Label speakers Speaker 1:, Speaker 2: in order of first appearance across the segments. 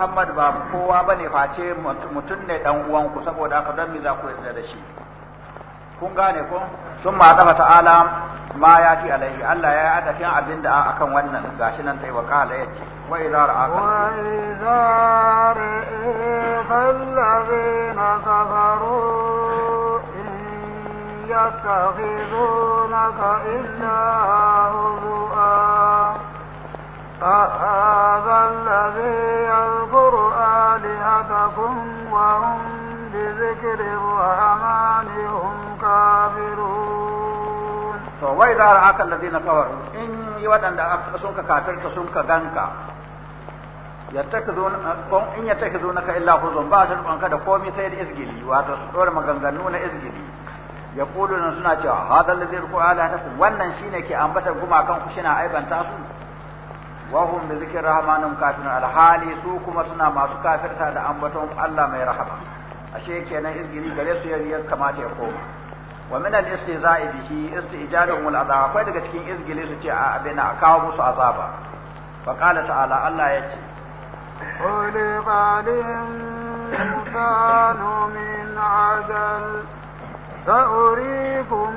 Speaker 1: Muhammad ba kowa ba ne face mutum ne dan uwanku saboda haka don me za ku yarda da shi kun gane ko sun ma zaba ta'ala ma ya ci alaihi Allah ya yi adafin abin da akan wannan gashi nan sai wa kala ya ce wa idza ra'a wa
Speaker 2: idza ra'a fallazina kafaru illa a أهذا الذي صلاتهم وهم بذكر الرحمن هم
Speaker 1: kawar in yi waɗanda sun ka يودن سنك كافرك سنك غنك in ya take zuna ka illa huzun ba su rubanka da komi sai da izgili wato su dora maganganu na izgili ya kulu suna cewa hadal ladhi ruku ala nakum wannan shine ke ambatar gumakan ku shina aibanta su wa hum bi zikri rahmanin kafirun alhali su kuma suna masu kafirta da ambaton Allah mai rahama ashe kenan izgiri gare su ya kamata ya koma wa min al istiza'i bihi istijaluhum al azab akwai daga cikin izgili su ce a abin a kawo musu azaba fa qala ta'ala Allah ya ce
Speaker 2: قل قال الإنسان من عجل سأريكم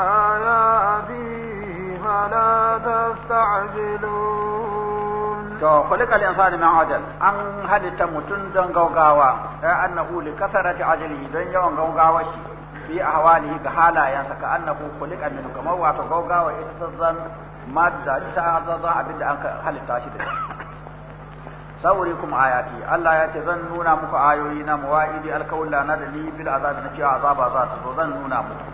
Speaker 2: آياتي فلا تستعجلون
Speaker 1: to خلق الانسان من ajal an halitta mutum don gaugawa ai annahu li kasarati ajali don yawan gaugawa shi fi ahwalihi ga halayensa ka annahu khuliqa min kamar wato gaugawa ita zan madda ta azaza abinda an halitta shi da Sauri kuma ayati Allah ya ce zan nuna muku ayoyi na muwa'idi alkawla na da ni bil azab na cewa azaba za ta zo zan nuna muku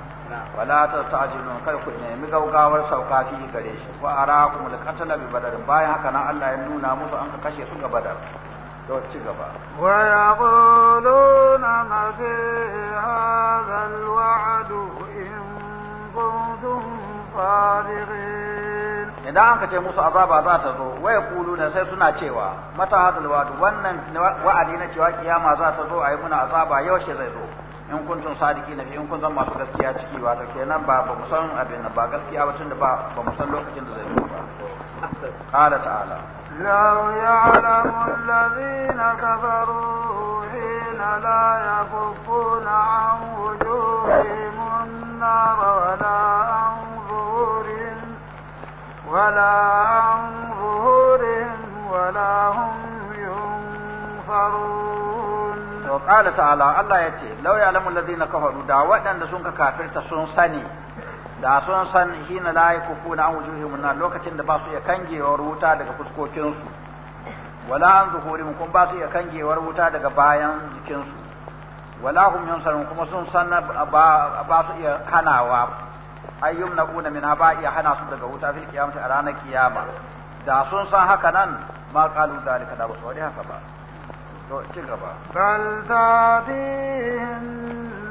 Speaker 1: wala ta ta'jilu kar ku nemi gaugawar sauka fi gare shi wa arakum al bi badar bayan haka nan Allah ya nuna musu an ka kashe su ga badar to ci gaba
Speaker 2: wa yaquluna ma fi hadha al in kuntum sadiqin
Speaker 1: idan an ka ce musu azaba za ta zo wa yaquluna sai suna cewa mata hadha al wannan wa'adi na cewa kiyama za ta zo ayi muna azaba yaushe zai zo in kuntum sadiki na in kun zama masu gaskiya ciki ba ta kenan ba ba mu san abin ba gaskiya ba tunda ba ba mu san lokacin da zai zo ba qala ta'ala
Speaker 2: law ya'lamu alladhina kafaru hina la yakuffuna an wujuhihim an-nar wa la an ظهورهم ولا
Speaker 1: qala ta'ala Allah ya ce law ya'lamu alladhina kafaru da waɗanda sun ka kafirta sun sani da sun san hina la yakufuna an wujuhum na lokacin da ba su iya kangewar wuta daga fuskokin su wala an zuhurihim kun ba su iya kangewar wuta daga bayan jikin su wala hum yansarun kuma sun san ba su iya hanawa ayyum naquna min ba iya hana su daga wuta fil qiyamati a ranar kiyama da sun san haka nan ma qalu zalika da ba su haka ba to ci gaba
Speaker 2: bal tatihim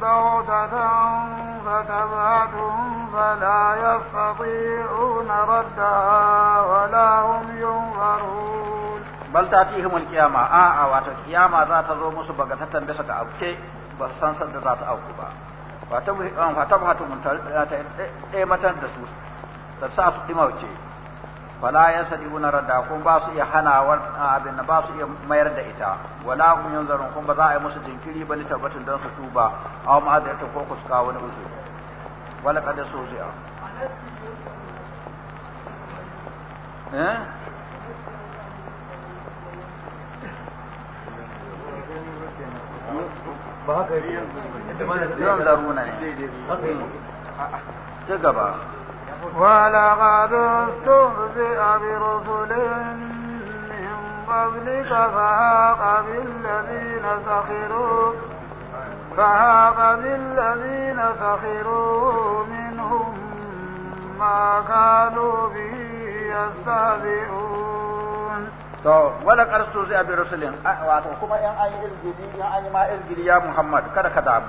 Speaker 2: bawdatan فتبعتهم فلا يستطيعون ردها ولا هم ينظرون
Speaker 1: بل تأتيهم القيامة آآ واتو القيامة ذات الروم سبقة تتنبسة أوكي بس سنسد ذات أوكبا فتبعتهم تأمة دسوس تبسعة دموتي fala yasadibuna radda kun ba su iya hanawar abin ba su iya mayar da ita wala kun yanzarun kun ba za a yi musu jinkiri ba ni tabbatin don su tuba aw ma da ta kokus ka wani uzu wala kad eh
Speaker 3: ba yanzu
Speaker 1: ne hmm. gaba ولقد
Speaker 2: استهزئ برسل من قبلك فهاق بالذين سخروا فهاق بالذين سخروا منهم ما كانوا به يستهزئون.
Speaker 1: ولقد استهزئ برسل واتو كما ان اي الجديد يعني ما الجديد يا محمد كذا كذا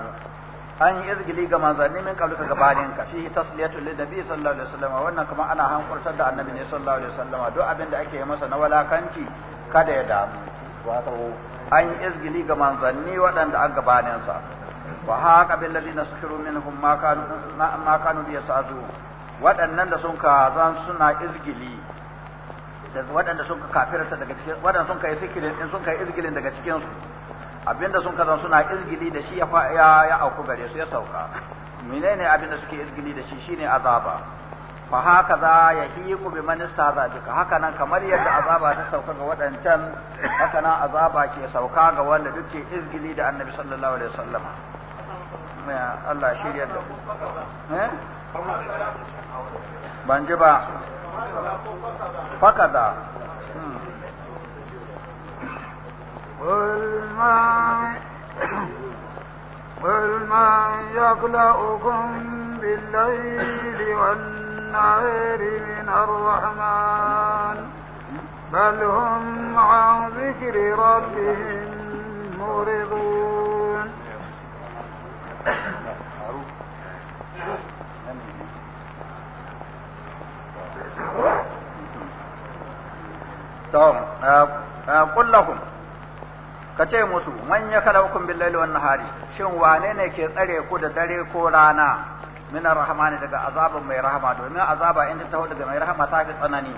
Speaker 1: an yi izgili ga manzanni min kablu ka gabanin ka shi tasliyatu lin nabi sallallahu alaihi wasallam wannan kuma ana hankurtar da annabi ne sallallahu alaihi wasallam duk abin da ake masa na walakanci kada ya damu wato an yi izgili ga manzanni waɗanda an gabanin sa wa haka bil ladina sukhiru minhum ma kanu ma kanu yasadu waɗannan da sun ka zan suna izgili da waɗanda sun ka kafirta daga cikin waɗanda sun ka yi sun ka yi izgilin daga cikin su abinda sun kazan suna izgili da shi ya ya auku gare su ya sauka menene abinda suke izgili da shi shine azaba fa haka za ya hiku bi man istaza bika haka nan kamar yadda azaba ta sauka ga wadancan haka nan azaba ke sauka ga wanda duke izgili da annabi sallallahu alaihi wasallam Allah shirya da eh ban ji ba fakaza hmm.
Speaker 2: قل من قل من يخلقكم بالليل والنهار من الرحمن بل هم عن ذكر ربهم معرضون
Speaker 1: آه، آه، قل لهم ka ce musu man ya hukun bil laili wan nahari shin wane ne ke tsare ku da dare ko rana min ne daga azabin mai rahama domin azaba in ta taho daga mai rahama ta fi tsanani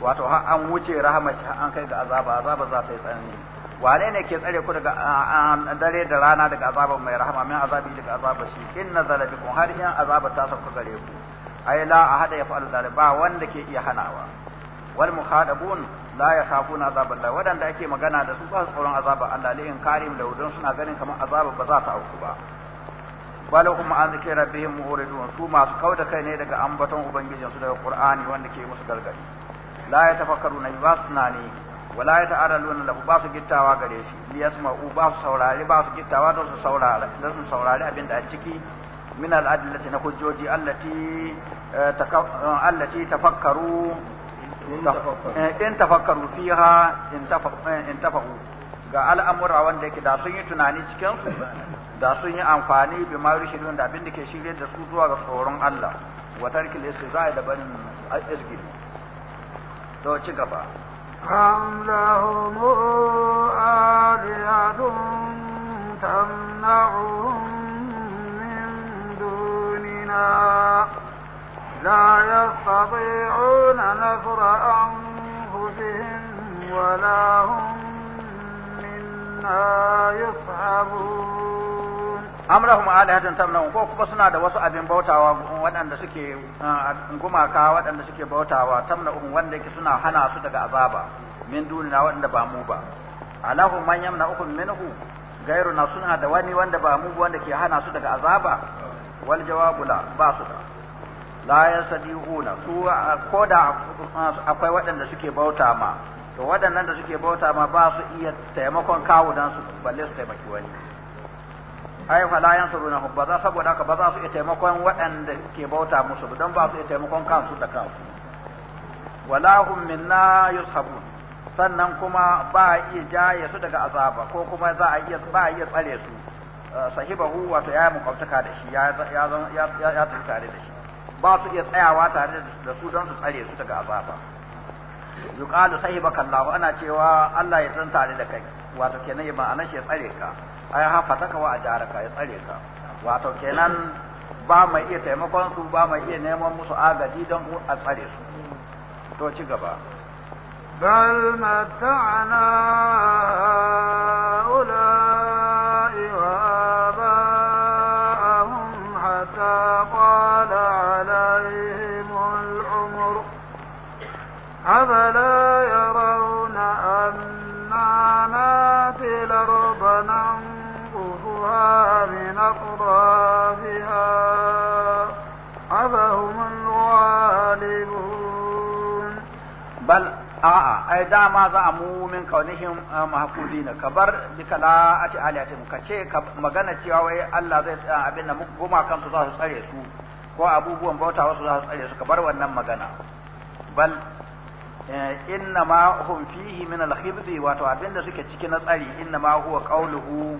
Speaker 1: wato har an wuce rahama an kai ga azaba azaba za ta yi tsanani wane ne ke tsare ku daga dare da rana daga azaban mai rahama min azabi daga azaba shi in nazala bikum har in azaba ta sauka gare ku ai la ya yaf'alu zalika ba wanda ke iya hanawa wal mukhadabun la ya na azabar Allah waɗanda ake magana da su ba tsoron azabar Allah li in karim da wudun suna ganin kamar azabar ba za ta auku ba bal kuma an zikra bihim muridun su masu kauda kai ne daga ambaton ubangijin su daga qur'ani wanda ke musu gargadi la ya na ba su tunani wala ya ta'araluna lahu ba su gittawa gare shi li ma'u ba su saurari ba su gittawa don su saurari don su saurari abin da a ciki min al na hujjoji allati eh, eh, allati tafakkaru Eh, in tafakkaru fiha in tafahu eh, ga al'amura wanda yake da sun yi tunani cikin su da sun yi amfani bi ma da abin ke shirye da su zuwa ga tsoron Allah wa tarkil istizai da barin izgiri to ci gaba
Speaker 2: أم لهم آلهة تمنعهم لا يستطيعون نصر أنفسهم ولا هم منا يصحبون
Speaker 1: أم لهم آلهة تمنعون ko kuma suna da wasu abin bautawa waɗanda suke gumaka waɗanda suke bautawa tamna'un wanda suna hana su daga azaba min dunina waɗanda ba mu ba alahu man yamna'ukum minhu gairuna suna da wani wanda ba mu wanda ke hana su daga azaba wal jawabu ba su da la huna su ko da akwai waɗanda suke bauta ma to waɗannan da suke bauta ma ba su iya taimakon kawo dan su balle su taimaki wani ai fa la huna ba za saboda haka ba za su iya taimakon waɗanda ke bauta musu don ba su iya taimakon kansu da kansu wala hum minna yushabun sannan kuma ba a iya jaye su daga azaba ko kuma za a iya ba a iya tsare su sahibahu wato ya yi mukwabtaka da shi ya ya ya tsare da shi ba su iya tsayawa tare da su don su tsare su daga azaba yuqalu sahibaka Allah ana cewa Allah ya san tare da kai wato kenan ma'anar shi ya tsare ka ai fataka wa ajaraka ya tsare ka wato kenan ba mai iya taimakon su ba mai iya neman musu agaji don a tsare su to ci gaba bal
Speaker 2: mata'ana ula
Speaker 1: ma za a mumin kaunihin ah, mahafuzina ka bar bikala a ce aliyatim ka ce magana cewa wai Allah zai ah, abin da goma kansu za su tsare su ko abubuwan bauta wasu za su tsare su ka bar wannan magana bal eh, inna ma hum fihi min al-khibzi wato abin da suke ciki na tsari inna ma huwa qawluhu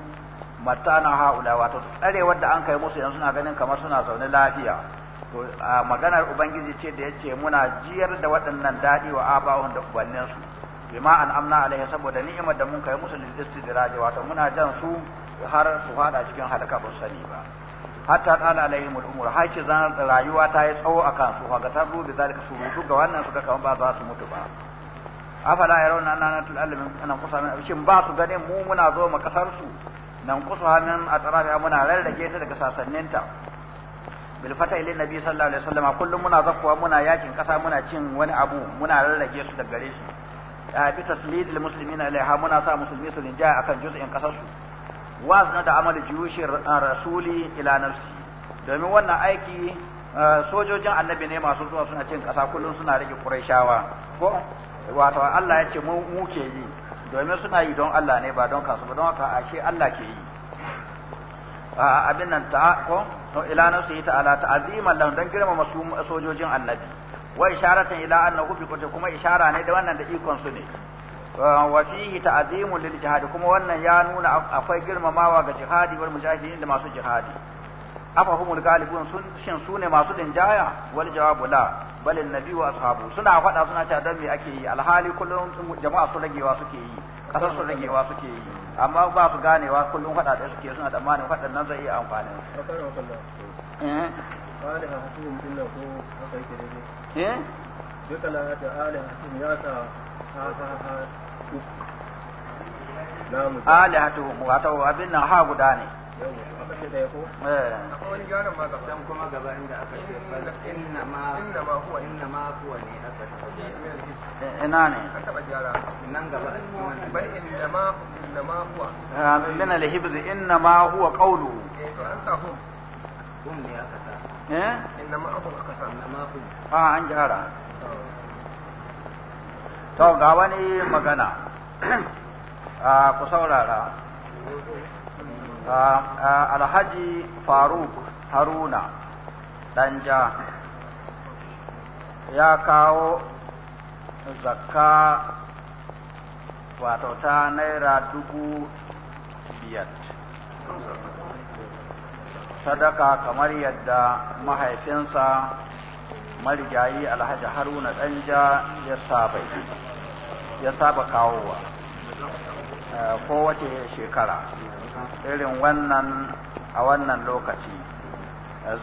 Speaker 1: matana haula wato tsarewar da an kai musu yanzu suna ganin kamar suna zaune lafiya ah, maganar ubangiji ce da yace muna jiyar da waɗannan daɗi wa abawan da ubanninsu su bima amna alaihi saboda ni'imar da mun kai musu da istidraji wato muna jan su har su fada cikin halaka ba sani ba hatta qala alaihim al-umur ki zan rayuwa ta yi tsawo akan su ga ta da zalika su mutu ga wannan suka kawo ba za su mutu ba afala yarawna anna natul alamin ana kusa min shin ba su ganin mu muna zo mu kasar su nan kusa hanan a tsarafi muna rarrage ta daga sasanninta bil fata ilin nabi sallallahu alaihi wasallam kullum muna zakkuwa muna yakin kasa muna cin wani abu muna rarrage su daga gare su bi taslid lil muslimina ha muna sa musulmi su linjaya akan juz'in kasarsu wa zuna da amal juyushi rasuli ila nafsi domin wannan aiki sojojin annabi ne masu zuwa suna cin kasa kullum suna rage quraishawa ko wato Allah ya ce mu mu ke yi domin suna yi don Allah ne ba don kasu ba don haka ashe Allah ke yi abin nan ta ko to ila nafsi ta'ala ta'aziman lahum dan girmama sojojin annabi wa isharatan ila annahu fi kutub kuma ishara ne da wannan da ikon su ne ah, wa fihi ta'zimun lil jihad kuma wannan ya nuna akwai girmamawa ga jihadi wal mujahidin da masu jihadi afa humul galibun sun shin sune masu jaya wal jawabu la bal annabi wa ashabu suna faɗa suna cewa dan me ake yi alhali kullum jama'a su ragewa suke yi kasar su ragewa suke yi amma ba su ganewa kullum faɗa da suke suna tsammanin faɗan nan zai iya amfani
Speaker 3: aliha hukum din ko haka yake dai
Speaker 1: eh duka la ta ya sa ha ha ha namu aliha to wato abin nan ha guda ne eh. akwai wani gyaran ma gaba kuma gaba inda aka ce inna ma inna ma huwa inna ma huwa ne aka ce ina ne an taba gyara nan gaba bai inna ma inna ma huwa ah, min al-hibz inna ma huwa qawlu eh to an hum hum ne aka sa an gyara. To ga wani magana. A ku saurara. Alhaji Faruk Haruna Danja ya kawo zakka wato ta naira dubu biyar. sadaka kamar yadda mahaifinsa marigayi alhaji haruna danja ya saba ya saba kawowa eh, kowace shekara irin wannan a wannan lokaci eh,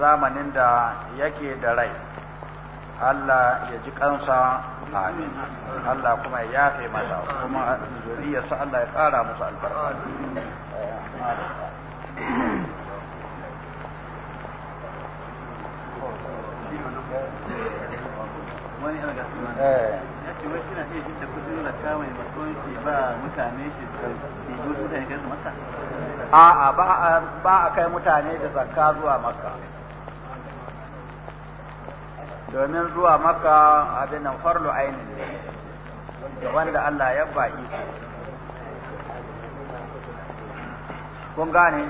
Speaker 1: zamanin da yake da rai Allah ya ji kansa amin Allah kuma ya yafe masa kuma zuriyarsa Allah ya tsara musu albarka eh, wani eh. kai a kai mutane da zakka zuwa makka domin zuwa makka abin nan farlu ainin ne da wanda Allah ya baki kun gane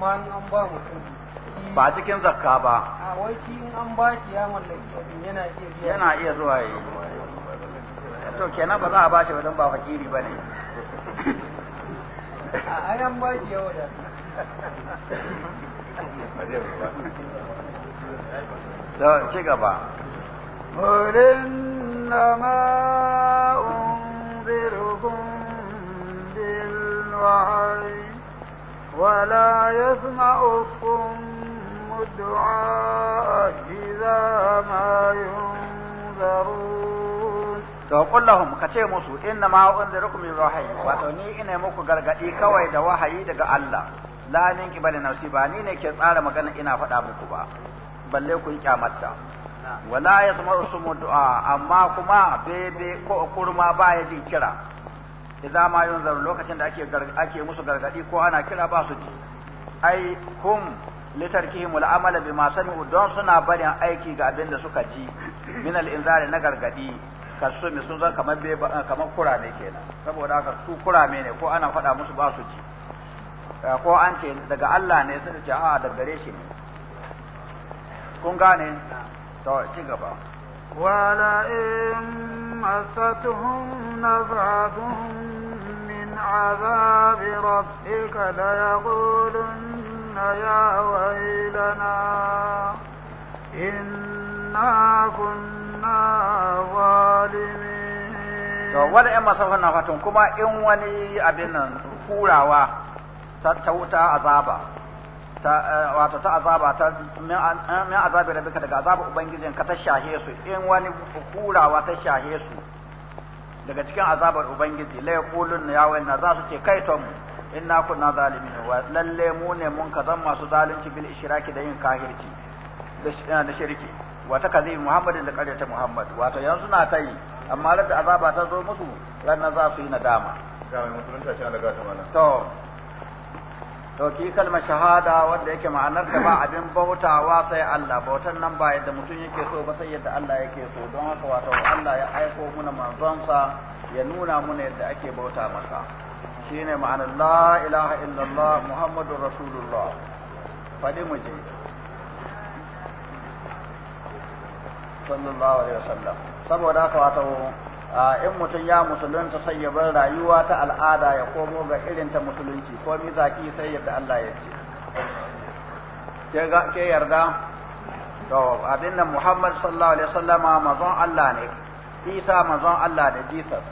Speaker 1: man an ba mutum ba cikin zakka ba
Speaker 2: wai in an ba ya mallaki yana iya zuwa
Speaker 1: yi to kenan ba za a ba wajen ba fakiri ba ne a
Speaker 3: an ba shi yau da.
Speaker 1: da ci gaba
Speaker 2: na ولا يسمع الصم الدعاء إذا ما ka
Speaker 1: to qul lahum musu inna ma unzirukum bil wato ni ina muku gargadi kawai da wahayi daga Allah la min kibali nafsi ba ni ne ke tsara magana ina faɗa muku ba balle ku yi kyamatta wala yasma'u sumu du'a amma kuma bebe ko kurma ba ya ji kira idan ma yunzaru lokacin da ake ake musu gargadi ko ana kira ba su ji ai kum litarkihim al'amala bima sami'u don suna barin aiki ga abin da suka ji min al-inzari na gargadi mi sun zan kamar be kamar kurame kenan saboda haka su kurame ne ko ana faɗa musu ba su ji eh, ko an ce daga Allah ne suka ce a daga gare shi ne kun gane to ci gaba
Speaker 2: wala in asatuhum nazatuhum min azabi rabbika la yaqulun يا ويلنا إنا
Speaker 1: كنا ظالمين to wani ‘yan masu na fatan kuma in wani abin nan hurawa ta wuta azaba eh, wato ta azaba ta min azabi rabbika daga azaba ubangijin ka ta shahe su in wani hurawa ta shahe su daga cikin azabar ubangiji la yaqulun ya wayna za su ce kai to mu inna kunna zalimin wa lalle mu ne mun ka zan masu zalunci bil ishraki da yin kahirci da shirki wa ta kazi muhammadin da karyata muhammad wato yanzu na ta yi amma da azaba ta zo musu ranar za su yi nadama to to ki kalmar shahada wanda yake ma'anar ka ba abin bautawa sai Allah bautan nan ba yadda mutum yake so ba sai yadda Allah yake so don haka wato Allah ya aiko muna sa ya nuna mana yadda ake bauta masa shine ma'anar la ilaha illallah muhammadur rasulullah faɗi mu je sallallahu alaihi wasallam saboda haka wato in mutum ya musulunta sai ya bar rayuwa ta al'ada ya komo ga irin ta musulunci ko mi zaki sai yadda Allah ya ce ke yarda to abin nan Muhammad sallallahu alaihi wasallama mazan Allah ne Isa mazan Allah ne Jesus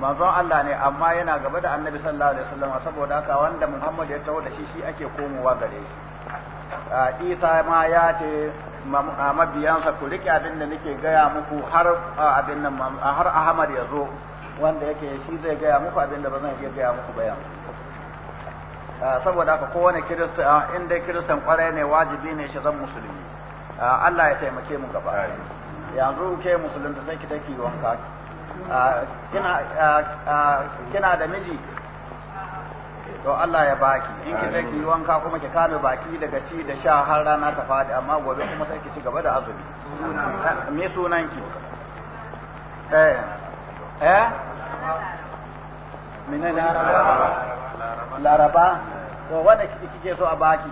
Speaker 1: manzon Allah ne amma yana gaba da annabi sallallahu alaihi wasallam saboda haka wanda Muhammad ya tawo da shi shi ake komowa gare shi Isa ma ya ce mabiyansa ku rike abin da nake gaya muku har abin nan har Ahmad ya zo wanda yake shi zai gaya muku abin da ba iya gaya muku bayan saboda haka kowane kirista inda kiristan kwarai ne wajibi ne shi zan musulmi Allah ya taimake mu gaba yanzu ke musulunta sai ki take wanka Ah, ah, ah, kina da miji to Allah ya baki in ki zai ki wanka kuma ki kame baki daga ci da sha har rana ta fadi amma gobe kuma sai ki ci gaba da azumi me sunan ki eh eh mina laraba laraba to wanda kike so a baki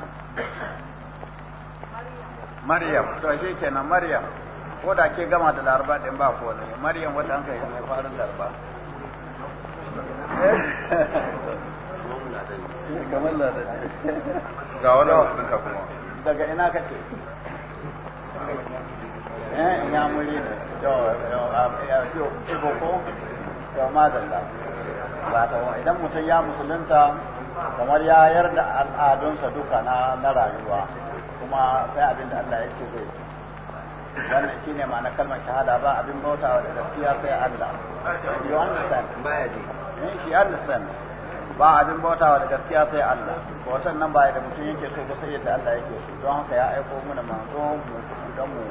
Speaker 1: Maryam to shi kenan Maryam ko da ke gama da laraba din ba ko ne maryam wata an kai mai farin laraba eh, kamar ladani ga wani wasu ka kuma daga ina kake eh ya muri yo ya ibo ko to madalla wato idan mutum ya musulunta kamar ya yarda al'adunsa duka na rayuwa kuma sai abin da Allah yake zai wannan shi ne ma'ana kalmar shahada ba abin bauta wa da gaskiya sai Allah you understand baya ji in shi understand ba abin bauta wa da gaskiya sai Allah bautan nan ba da mutum yake so ba sai yadda Allah yake so don haka ya aiko mana manzo mu don mu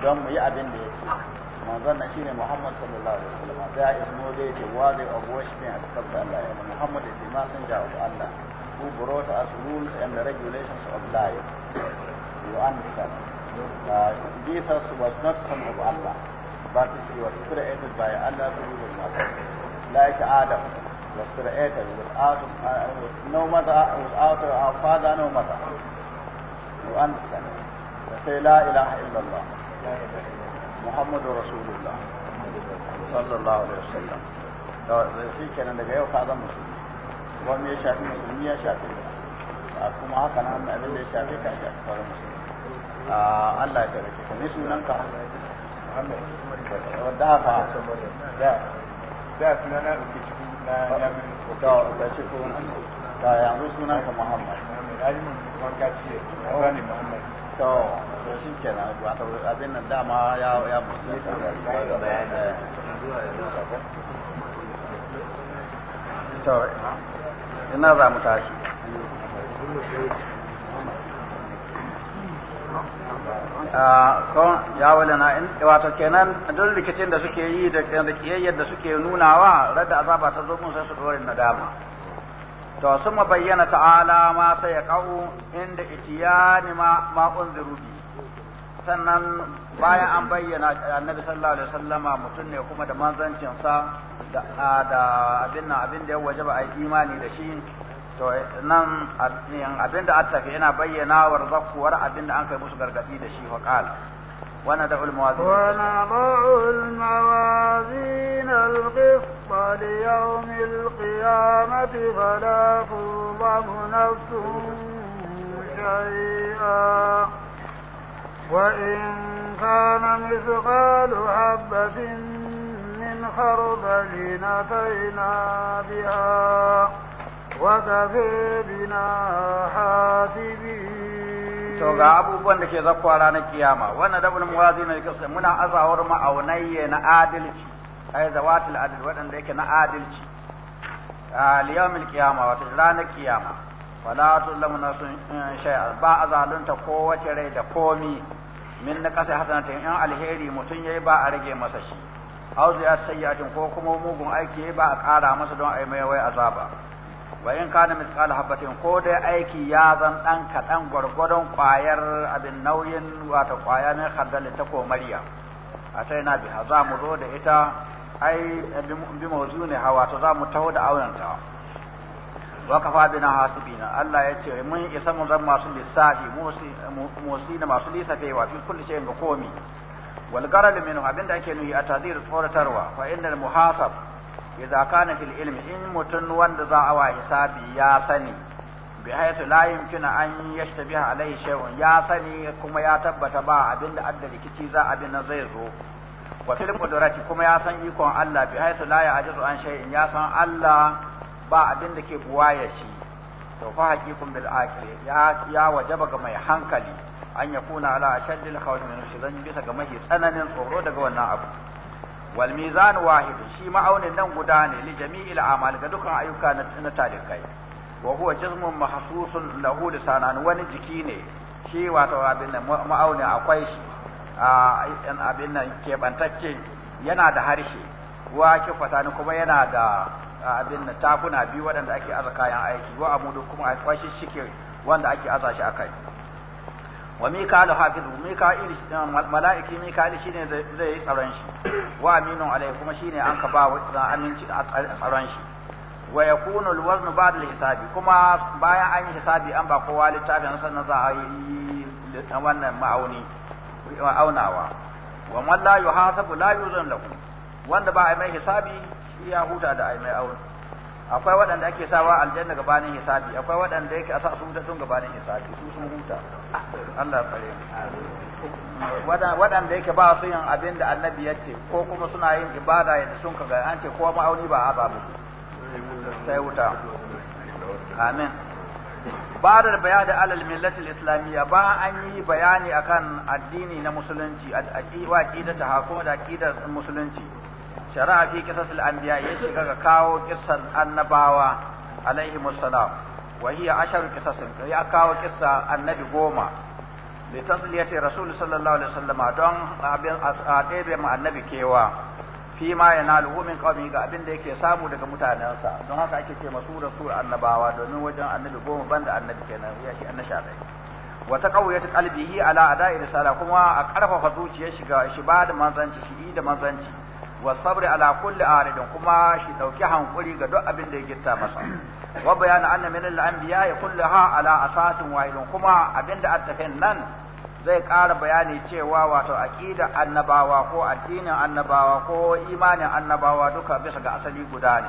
Speaker 1: don mu yi abin da yake manzon nan shine Muhammad sallallahu alaihi wasallam da is no day the worthy of worshiping except Allah and Muhammad is the messenger of Allah who brought us rules and the regulations of life you understand Uh, Jesus was not son of Allah, but he was created by Allah to be his mother. Like Adam was created without uh, with no mother, without a father, no mother. You understand? They say La ilaha illallah. Muhammad Rasulullah. Sallallahu alaihi wasallam. Da shi kenan daga yau ka zama musulmi. Wani ya shafi musulmi ya shafi. Kuma haka nan abin da ya shafi ka shafi musulmi. Ah, Allah ya taimake ka ne sunanka wadda haka da da ko da yanzu Muhammad Muhammad to nan dama ya ya musu da eh. ina za mu tashi Ah, ya na in eh, wato kenan duk rikicin da suke yi da kiyayyar da suke nunawa radda azaba ta zo mun sai su dore nadama to sun bayyana ta'ala ma sai ya inda itiyani ma ma unziru bi sannan bayan an bayyana eh, annabi sallallahu alaihi wasallama mutum ne kuma da manzancin sa ah, da abin nan abin da ya wajaba ai imani da shi to nan abinda an tafi yana bayyanawar zakkuwar abinda an kai musu gargadi da shi faƙal وندعو الموازين
Speaker 2: ونضع الموازين القسط ليوم القيامة فلا تظلم نفس شيئا وإن كان مثقال حبة من خردل أتينا بها وكفي بنا حاسبين to ga
Speaker 1: abubuwan da ke zakkuwa ranar kiyama wannan dabul muwazi ne kisa muna azawar ma'aunai na adalci ai zawatul adil wadanda yake na adalci a liyamil kiyama wato ranar kiyama wala tulamu nasun eh, shay'a ba azalunta kowace rai da komi min na kasa hasanatin in alheri mutum yayi ba a rage masa shi auzu ya sayyatin ko kuma mugun aiki ba a kara masa don yi mai wai azaba wa in kana misqal habatin ko dai aiki ya zan dan kaɗan gwargwadon kwayar abin nauyin wata ƙwaya ne haddal ta komariya a ta yana biha za mu zo da ita ai bi mawzu ne hawa to za mu taho da aunanta wa kafa bina hasibina Allah ya ce mun isa mu zan masu lissafi musi na masu lissafi wa fi kulli shay'in ga komi wal garal minhu abinda ake nuhi a tazir tsoratarwa fa innal muhasab idza kana fil ilmi in mutun wanda za a wa hisabi ya sani bi hayatu la yumkinu an yashtabiha alayhi shay'un ya sani kuma ya tabbata ba abinda adda rikici za abin nan zai zo wa fil qudrati kuma ya san ikon Allah bi hayatu la ya'jizu an shay'in ya san Allah ba abin da ke buwaya shi to fa haqiqun bil ya ya wajaba ga mai hankali an yakuna ala ashaddil khawf min shidan bisa ga mahi tsananin tsoro daga wannan abu wal mizan wahid shi ma'aunin nan guda ne li jami'il ga dukkan ayyuka na talikai wa huwa jazmun mahsusun lahu lisanan wani jiki ne shi wato abin nan ma'aunin akwai shi a abin nan kebantacce yana da harshe wa kifatani kuma yana da abin nan tafuna biyu waɗanda ake aza kayan aiki wa amudu kuma akwai shi shike wanda ake aza shi akai wa um, mika'il shi ne mala'iki shi ne zai tsaron shi wa aminun alaihi kuma shine an ka ba wa aminci da tsaron shi wa yakunu alwazn ba'da alhisabi kuma bayan an yi hisabi an ba kowa littafin sannan za a yi wannan ma'auni aunawa wa man la yuhasabu la yuzan lahu wanda ba a mai hisabi shi ya huta da ai mai auni akwai waɗanda ake sawa aljanna gabanin hisabi akwai waɗanda yake sa su tun gabanin hisabi su sun huta Allah tsare waɗanda yake ba su yin abin da annabi ya ce ko kuma suna yin ibada yadda sun kaga an ce kowa ma'auni ba a ba sai wuta amin islamiyya ba an yi bayani akan addini na musulunci الديني نمسلنتي أكيد وأكيد da أكيد musulunci. shari'a fi qisasil biya ya shiga ga kawo qissar annabawa alaihi musallam wa hiya asharu qisasin ya kawo qissa annabi goma li tasliyati rasul sallallahu alaihi wasallam don abin adebe mu annabi kewa fi ma yanaluhu min ga abin da yake samu daga mutanensa don haka ake ce masu rasul annabawa domin wajen annabi goma banda annabi kenan ya shi annasha dai wa taqawiyat qalbihi ala ada'i kuma a karfafa zuciyar shi shi ba da manzanci shi da manzanci wa sabri ala kulli aridin kuma shi dauki hankuri ga duk abin da ya gitta masa wa bayana anna min al anbiya ya kullaha ala asatin wahidin kuma abin da nan zai ƙara bayani cewa wato aqida annabawa ko addinin annabawa ko imanin annabawa duka bisa ga asali guda ne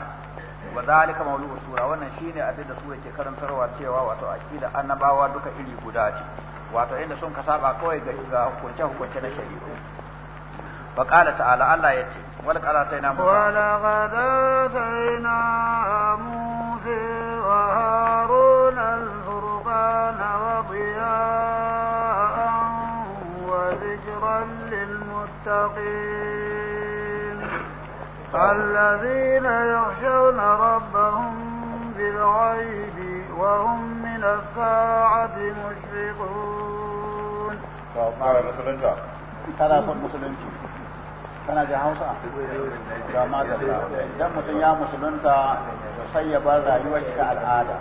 Speaker 1: wa zalika mawdu'u sura wannan shine abin da sura ke karantarwa cewa wato aqida annabawa duka iri guda ce wato inda sun kasaba kawai ga hukunce hukunce na shari'a وقال تعالى الله يتي ولقد آتينا موسى
Speaker 2: ولقد آتينا موسى وهارون الفرقان وضياء وذكرا للمتقين الذين يخشون ربهم بالغيب وهم من الساعة مشفقون.
Speaker 1: Tana son musulunci. kana jin hausa da madalla idan mutum ya musulunta sai ya bar rayuwar shi ta al'ada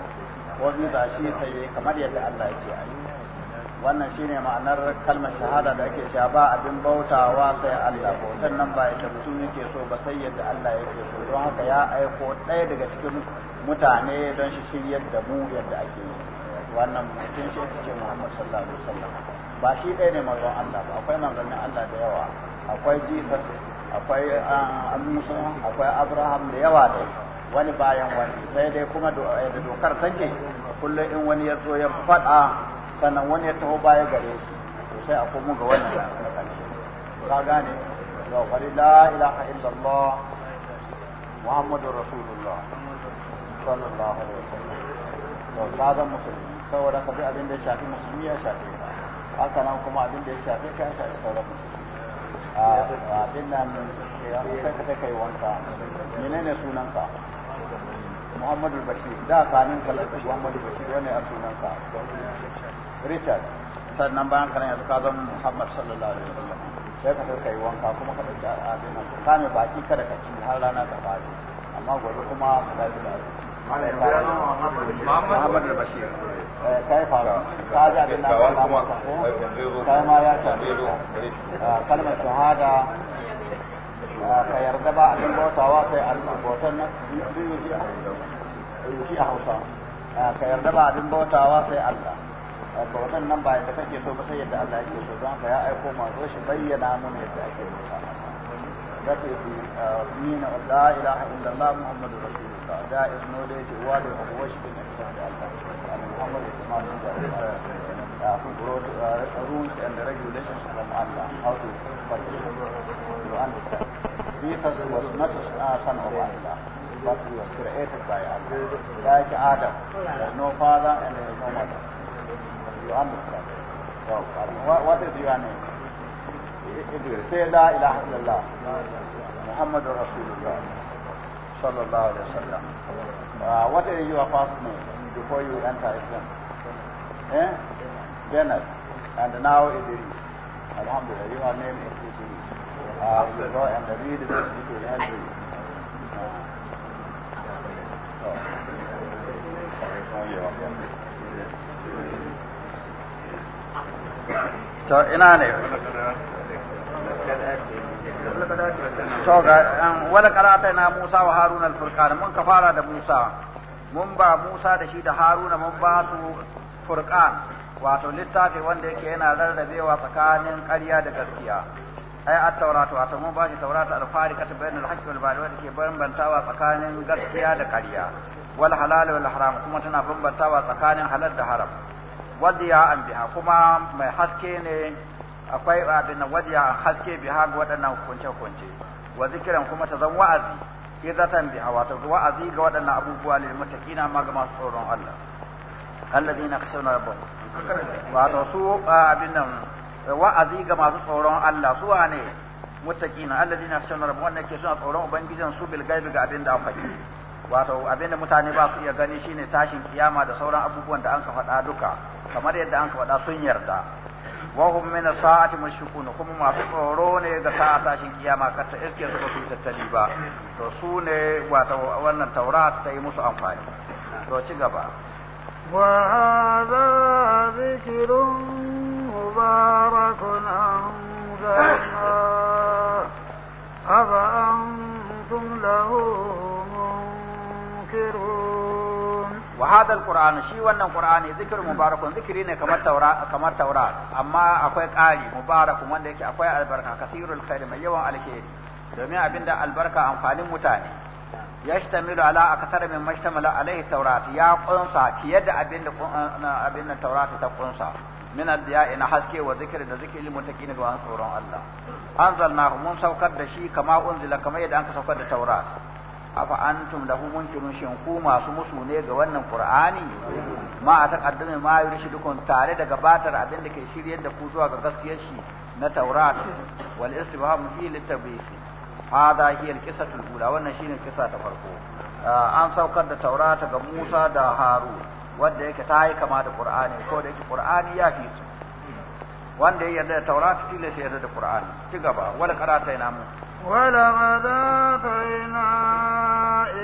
Speaker 1: ko za shi sai kamar yadda Allah ya ce a yi wannan shine ma'anar kalmar shahada da ake cewa ba abin bautawa sai Allah bautan nan ba ita mutum yake so ba sai yadda Allah yake so don haka ya aiko ɗaya daga cikin mutane don shi shiryar da mu yadda ake yi wannan mutum shi ake Muhammad sallallahu alaihi wasallam ba shi ɗaya ne manzon Allah ba akwai manzannin Allah da yawa akwai jifar akwai ah, musa akwai abraham da yawa dai wani bayan wani sai dai kuma eh, da dokar take kullum in wani ya zo ya faɗa sannan wani ya taho baya gare shi to sai a komo ga wannan na ƙarshe ka gane wa qul la ilaha illallah muhammadur rasulullah sallallahu alaihi wasallam to kaga musulmi saboda ka abin da ya shafi musulmi ya shafi haka nan kuma abin da ya shafi ka ya shafi sauran musulmi abin nan sai ka kai wanka menene sunanka Muhammadu Bashir da kanin kalatu Muhammadu Bashir wani a sunanka Richard sannan bayan kanan yanzu ka zama Muhammad sallallahu alaihi wasallam sai ka kai wanka kuma ka dauki abin nan ka ne baki kada ka ci har rana ta fadi amma gobe kuma ka dace da Muhammad Bashir سيفعل راجع بالله والامر صحيح كما ياتي كلمه شهاده ka yarda ba abin bautawa sai Allah bautan nan biyu ji shi a Hausa ka yarda ba abin bautawa sai Allah bautan nan ba yadda kake so ba sai yadda Allah yake so don ka ya aiko mazo shi bayyana mun yadda ake bauta da ke fi nina la ilaha illallah muhammadu rasulullah da izno da yake wa da abuwa shi ne da Allah rules and regulations from Allah, how to fight. You understand? Jesus was not a son of Allah, but he was created by Allah. Like Adam, there is no father and there is no mother. You understand? So, what, what is your name? If you say La ilaha illallah, Muhammad Rasulullah, sallallahu alayhi wa sallam, uh, what is your first name? before you enter Islam. Eh? Zainab. And now it is. Alhamdulillah, your name is Idris. Uh, you go and read this, it will help you. To ina ne? To ga um, wani karata na Musa wa Harun al-Furqan mun kafara fara da Musa mun ba Musa da shi da Haruna mun ba su furqan wato littafi wanda yake yana rarrabewa tsakanin ƙarya da gaskiya ai at-tauratu wato mun ba shi taurata al-fariqat bainal haqqi wal batil wanda ke bambantawa tsakanin gaskiya da ƙarya wal halal wal haram kuma tana bambantawa tsakanin halal da haram wadiya an biha kuma mai haske ne akwai abin wadiya an haske biha ga waɗannan hukunce-hukunce wa zikiran kuma ta zan wa'azi izatan biha wato wa'azi ga waɗannan abubuwa lil muttaqina ma ga masu tsoron Allah alladheena yakhshawna rabbahum wato su abin nan wa'azi ga masu tsoron Allah su wane muttaqina alladheena yakhshawna rabbahum wannan ke suna tsoron ubangijin su bil gaibi ga abin da an faɗi wato abin da mutane ba su iya gani shine tashin kiyama da sauran abubuwan da an ka faɗa duka kamar yadda an ka faɗa sun yarda wahum min sa'ati mushrikun kuma masu tsoro ne ga sa'a tashin kiyama ka ta iske su ba su tattali ba to su ne wata wannan taurat ta yi musu amfani to ci gaba wa hadal qur'an shi wannan qur'ani zikirin mubarakun zikiri ne kamar taura kamar taura amma akwai ƙari mubarakun wanda yake akwai albarka kasirul khair mai yawan alheri domin abinda albarka amfanin mutane yashtamilu ala akthar min mashtamala alaihi taurat ya kunsa fiye da abinda abinda taurat ta kunsa min adiya ina haske wa zikri da zikri mutaqin ga tsoron Allah anzalnahu mun saukar da shi kama unzila kama yadda an saukar da taurat afa antum lahu munkirun shin ku masu musu ne ga wannan qur'ani ma a taqaddama ma yurshidukum tare da gabatar abin da ke shiryar da ku zuwa ga gaskiyar shi na taurat wal istibham fi litabis hada hiya alqisatu alula wannan shine kisa ta farko ah, an saukar da taurata ga Musa da Harun wanda yake ta yi kama da qur'ani ko da yake qur'ani ya fi su wanda ya yarda da taurata tilas ya yarda da qur'ani ci gaba wala qara'ata ina mu
Speaker 2: ولقد آتينا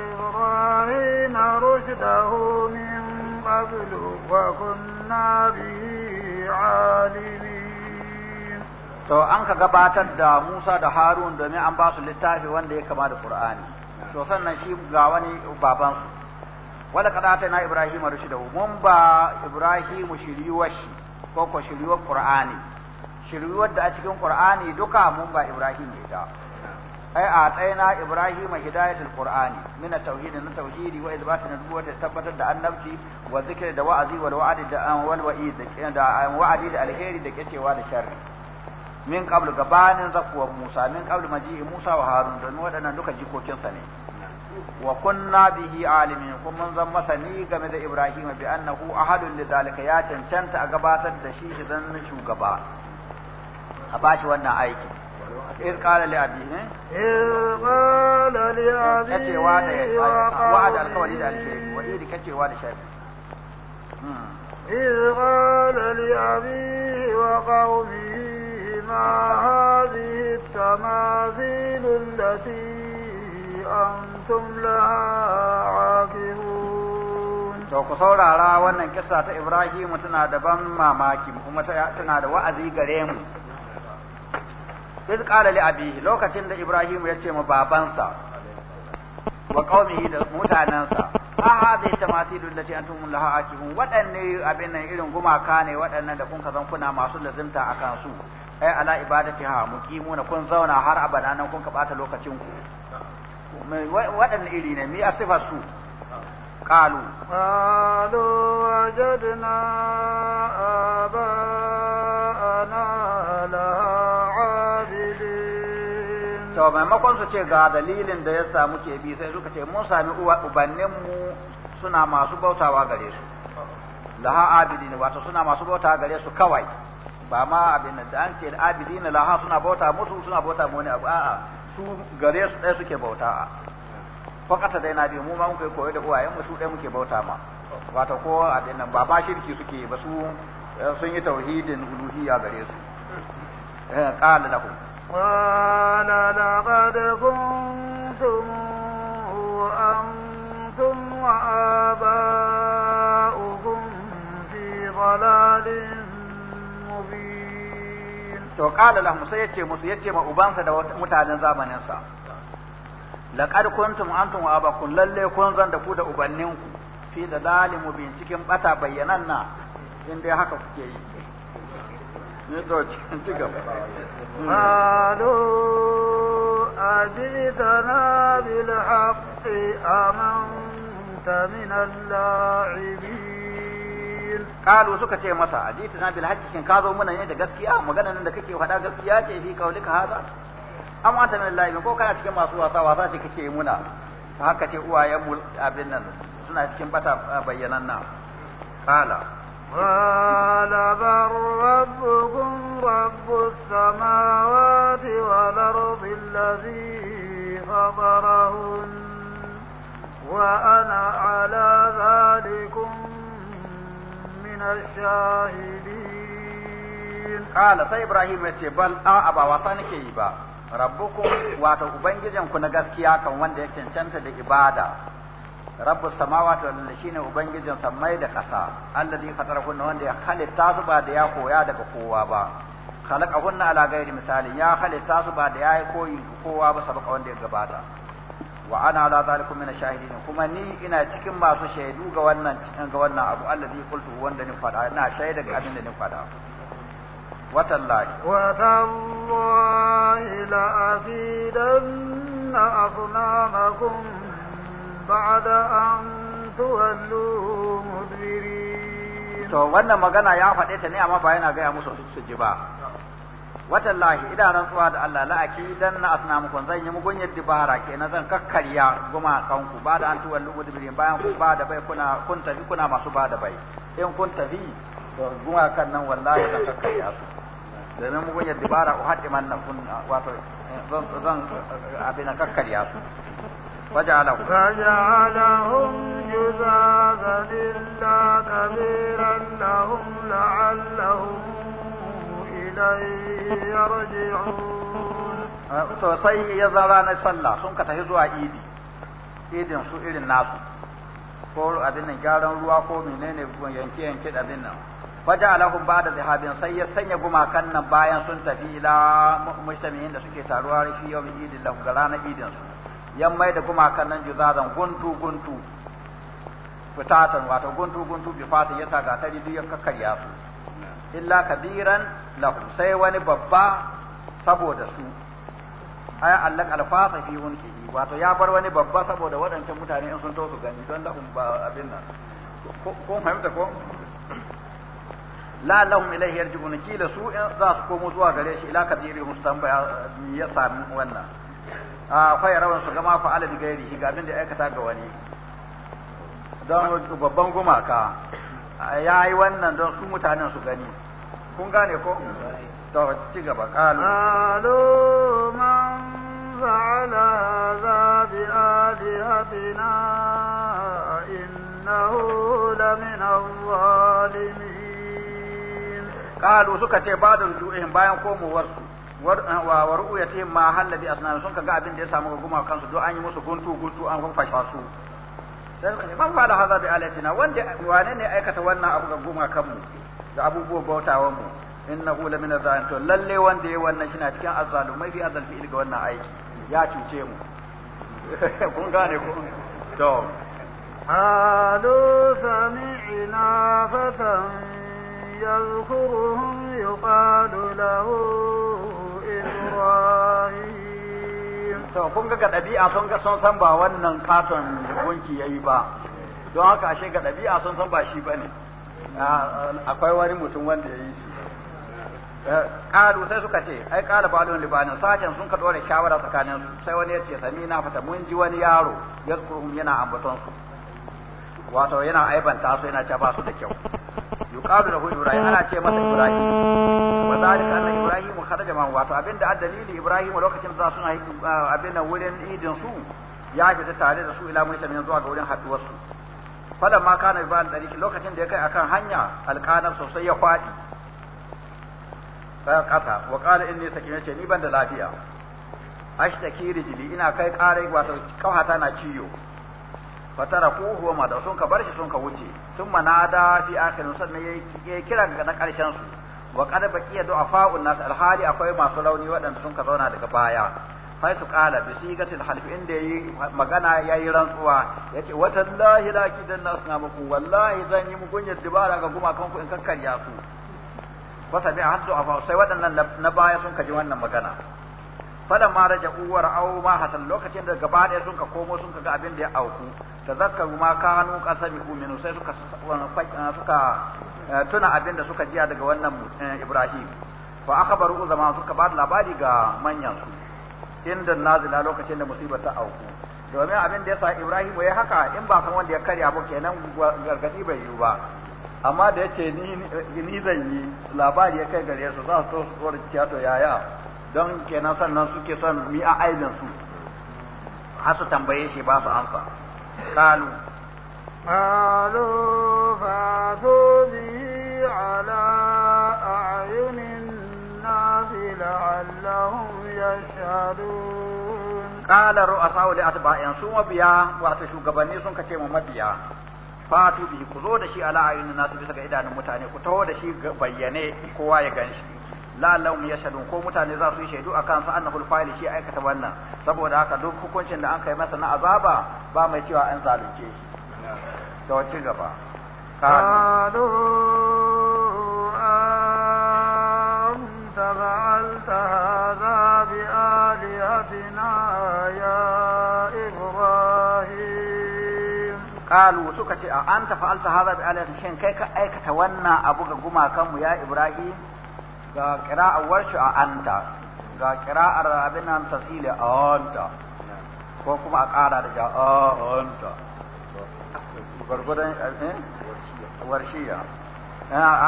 Speaker 2: إبراهيم رشده من قبل وكنا به عالمين
Speaker 1: to an ka gabatar da Musa da Harun domin an ba su littafi wanda ya kama da Qur'ani to sannan shi ga wani baban wala kada ta na Ibrahim rushidahu mun ba Ibrahim shiriwashi shi ko ko shiriwar Qur'ani shiriwar da a cikin Qur'ani duka mun ba Ibrahim ne ta ai a tsayina ibrahim hidayatul qur'ani min at-tauhid na tauhidi wa izbat nubuwwa da tabbatar da annabci wa zikri da wa'azi wa wa'adi da an wal wa'id da da wa'adi da alheri da kacewa da sharri min qabl gabanin zakwa musa min qabl maji musa wa harun don waɗannan duka jikokinsa ne wa kunna bihi alimin kun mun zan ni game da ibrahim bi annahu ahadun li zalika ya cancanta a gabatar da shi idan shugaba a bashi wannan aiki إذ قال لأبيه إذ قال لأبيه وعد القول إذا الشيخ وإذ كتي وعد الشيخ إذ قال
Speaker 2: لأبيه وقومه ما هذه التماثيل التي أنتم لها
Speaker 1: عاكفون to ku saurara wannan kissa ta Ibrahim tana da ban mamaki kuma tana da wa'azi gare mu iz qala li abihi lokacin da ibrahim ya ce ma babansa wa qaumihi da mutanansa a hadhihi tamathilul lati antum laha akihun wadanne abin nan irin gumaka ne wadannan da kun kazan kuna masu lazimta akan su ai ala ibadatiha na kun zauna har abada nan kun ka bata lokacin ku wadanne iri ne mi asifa su qalu
Speaker 2: qalu wajadna
Speaker 1: farkon su ce ga dalilin da ya samu ke bi sai suka ce mun sami ubanninmu suna masu bautawa gare su laha abidin wato suna masu bautawa gare su kawai ba ma abin da an ce abidin laha suna bauta musu suna bauta mu ne abu a'a su gare su ɗaya suke bauta fakata dai na bi mu ma muke koyo da uwayen mu su ɗaya muke bauta ma wato ko abin nan ba ma shirki suke ba su eh, sun yi tauhidin uluhiyya gare su eh, qala lahum
Speaker 2: قال لقد كنتم وأنتم وآباؤكم في ضلال مبين
Speaker 1: وقال لهم سيتي مسيتي ما أبانسا متعدن زامن ينسى laqad kuntum antum wa abakum lalle kun zan da ku da ubanninku fi da zalimu bin cikin bata na, in dai haka kuke yi Hmm. قالوا
Speaker 2: أجئتنا
Speaker 1: suka ce masa ajitana bil haqqi kin ka zo mana ne da gaskiya maganar nan da kake faɗa gaskiya ce fi kaulika haza amma ta min laifin ko kana cikin masu wasa wasa ce kake muna haka ce uwayen mu abin nan suna cikin bata bayyanan na qala
Speaker 2: قال بل ربكم رب السماوات والأرض الذي فطرهن وأنا على ذلكم من الشاهدين
Speaker 1: قال سي إبراهيم يتي بل أبا وطنك يبا ربكم واتو أبنجزنكم نغسكياكم وان دي تنشنت دي إبادة rabbus samawati wal ardi shine ubangijin samai da ƙasa allazi fatarahunna wanda ya halitta su ba da ya koya daga kowa ba khalaqahunna ala ghairi misalin ya halitta su ba da ya yi koyi kowa ba sabaka wanda ya gabata wa ana ala zalikum min shahidin kuma ni ina cikin masu shaidu ga wannan cikin ga wannan abu allazi qultu wanda ni fada ina shaida ga abin da ni fada watallahi
Speaker 2: watallahi la afidanna asnamakum بعد أن تولوا مدبرين تو wannan magana ya faɗe
Speaker 1: ta ne amma ba yana gaya musu su ji ba watallahi ina rantsuwa da Allah la dan na asnamukum zan yi mugun yadda bara kenan zan kakkarya goma kanku ba da an tuwallu mudbirin bayan ku ba da bai kuna kun tafi kuna masu ba da bai in kun tafi to goma kan nan wallahi zan kakkarya su domin mugun yadda bara man nan kun wato zan abin kakkarya su فجعلهم فجعلهم
Speaker 2: جزافا إلا كبيرا لهم لعلهم إليه يرجعون
Speaker 1: sosai ya zara na sallah sun ka tafi zuwa idi idin su irin nasu ko abin nan gyaran ruwa ko menene yanke yanke abin nan waje alahun ba da zihabin sai ya sanya gumakan nan bayan sun tafi ila mashtamiyin da suke taruwa fi yawmin idin lahu ga ranar idin su yan mai da gumakan nan juzazan guntu guntu fitatan wato guntu guntu bi fatan ya sa gatari duk ya kakkarya su illa kabiran lahu sai wani babba saboda su ay allaka alfasa fi unkihi wato ya bar wani babba saboda waɗancan mutane in sun to su gani don lahum ba abin nan ko fahimta ko la lahum ilayhi yarji'un kila su in za su komo zuwa gare shi ila kabiri mustanba ya sami wannan fa ah, ya rawan su gama fa ala gairi ga abin da aikata ga wani don babban gumaka ya yi wannan don su mutanen su gani kun gane ko to ci gaba kalu alu man
Speaker 2: fa'ala za bi alihatina innahu la min dhalimin
Speaker 1: Kalu suka ce ba bayan komowar su Eh, wa ru'yati ma halla bi asnan sun kaga abin da ya samu guguma kansu duk an yi musu guntu guntu an fafasha su sai suka ce man da hadha bi alatina wanda wane ne aikata wannan abu ga kanmu da abubuwan bautawan mu innahu la min azan to lalle wanda yayi wannan shi na cikin azzalumai bi azal fi'il ga wannan aiki ya cuce mu kun gane ko to
Speaker 2: قالوا سمعنا فتى يذكرهم يقال له
Speaker 1: to kun ga ɗabi'a sun ga sun san ba wannan katon gunki yayi ba don haka ashe ga ɗabi'a sun san ba shi bane akwai wani mutum wanda yayi shi eh, ƙalu sai suka ce ai ƙala ba don libanin sashen sun ka ɗora shawara tsakanin sai wani ya ce sami na fata mun ji wani yaro ya yana ambaton su wato yana aibanta su yana cewa ba su da kyau yuqalu lahu ibrahim ana ce masa ibrahim wa zalika anna ibrahim kharaja ma wato abinda addalili ibrahim lokacin da suna yi ah, wurin idin su ya fita tare da su ila mutanen zuwa ga wurin haduwar su fadan ma kana ba lokacin da ya kai akan hanya alqanar sosai ya kwadi sai kasa wa qala inni sakin yace ni ban da lafiya ashtaki rijli ina kai karai wato kawata na ciyo fatara ku huwa ma da sun ka barshi sun ka wuce sun manada fi akhirin ne yake kira ga na karshen su wa qad baqiya fa'un nas alhali akwai masu rauni waɗanda sun ka zauna daga baya fa su qala bi sigatil half inda yayi magana yayi rantsuwa yace watallahi la kidan nas na muku wallahi zan yi muku yin dibara ga gumakan ku in kakkarya su fa sabi haddu afa sai waɗannan na baya sun ji wannan magana da ma raja'u wa ra'au ma hasan lokacin da gaba ɗaya sun ka komo sun ka ga abin da ya auku tazakkaru ma kanu ku minhu sai suka eh, suka eh, tuna abin da suka jiya daga wannan eh, Ibrahim fa akhbaru uzama suka ba labari ga manyan su inda nazila lokacin da musiba ta auku domin abin da yasa Ibrahim ya haka in ba kan wanda ya karya ba kenan gargadi bai yiwu ba amma da yace ni ni zan yi labari ya kai gare su za su so su ciya to yaya don kenan sannan suke son mi a aibin su har su tambaye shi ba su amsa قالوا
Speaker 2: قالوا فاتوا به على أعين الناس لعلهم يشهدون
Speaker 1: قال الرؤساء لأتباع سوما بيا واتشو قبني كتيم كيما مبيا fatu bihi ku zo da shi ala ayyun nasu bisa ga idanun mutane ku taho da shi bayyane kowa ya ganshi la lahum yashhadun ko mutane za su yi shaidu akan sa annahu fa'il shi aikata wannan saboda haka duk hukuncin da an kai masa na azaba ba mai cewa an zalunce
Speaker 2: shi
Speaker 1: da wacce gaba Kalu
Speaker 2: anta fa'alta hadha bi alihatina ya ibrahim
Speaker 1: Kalu suka ce an fa'alta hadha bi alihatina shin kai ka aikata wannan abu ga gumakan mu ya ibrahim ga kira awar shi a anta ga kira'ar abin nan tasili a anta ko kuma a ƙara da a anta gwargwadon warshiya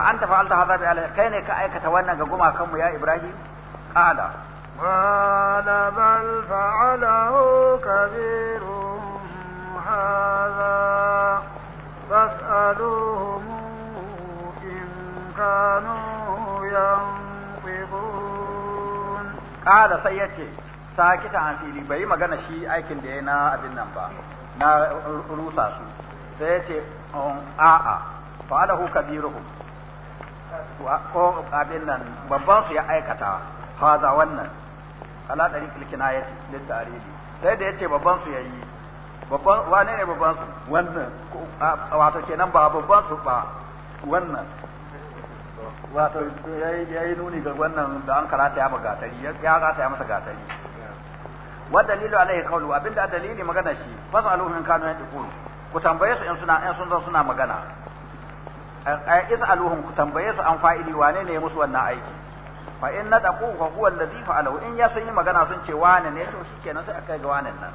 Speaker 1: an tafi alta haza bi alai kai ne ka aikata wannan ga gumakanmu ya ibrahim ƙala
Speaker 2: قال بل فعله كبيرهم هذا فاسألوهم إن كانوا ينظرون
Speaker 1: Kada sai ya ce sakita an fili bai magana shi aikin da ya na abin nan ba na rusa su sai ya ce um, a'a fa'alahu kabiruhum ko abin nan babban su ya aikata haza wannan ala dari kilkina ya ce littarili sai da ya ce babban su ya yi babban wane ne babban su wannan wato kenan ba babban su ba wannan wato ya yi nuni ga wannan da an karata ya ma tari ya rata ya masa gatari wa dalilu alaihi qawlu abinda dalili magana shi fasalu min kanu dukun ku tambaye su in suna in sun zan suna magana ai aluhum ku tambaye su an fa'ili wane ne ya musu wannan aiki fa in nadaqu fa huwa alladhi fa'alahu in ya sun yi magana sun ce wane ne to shikenan sai akai ga wane nan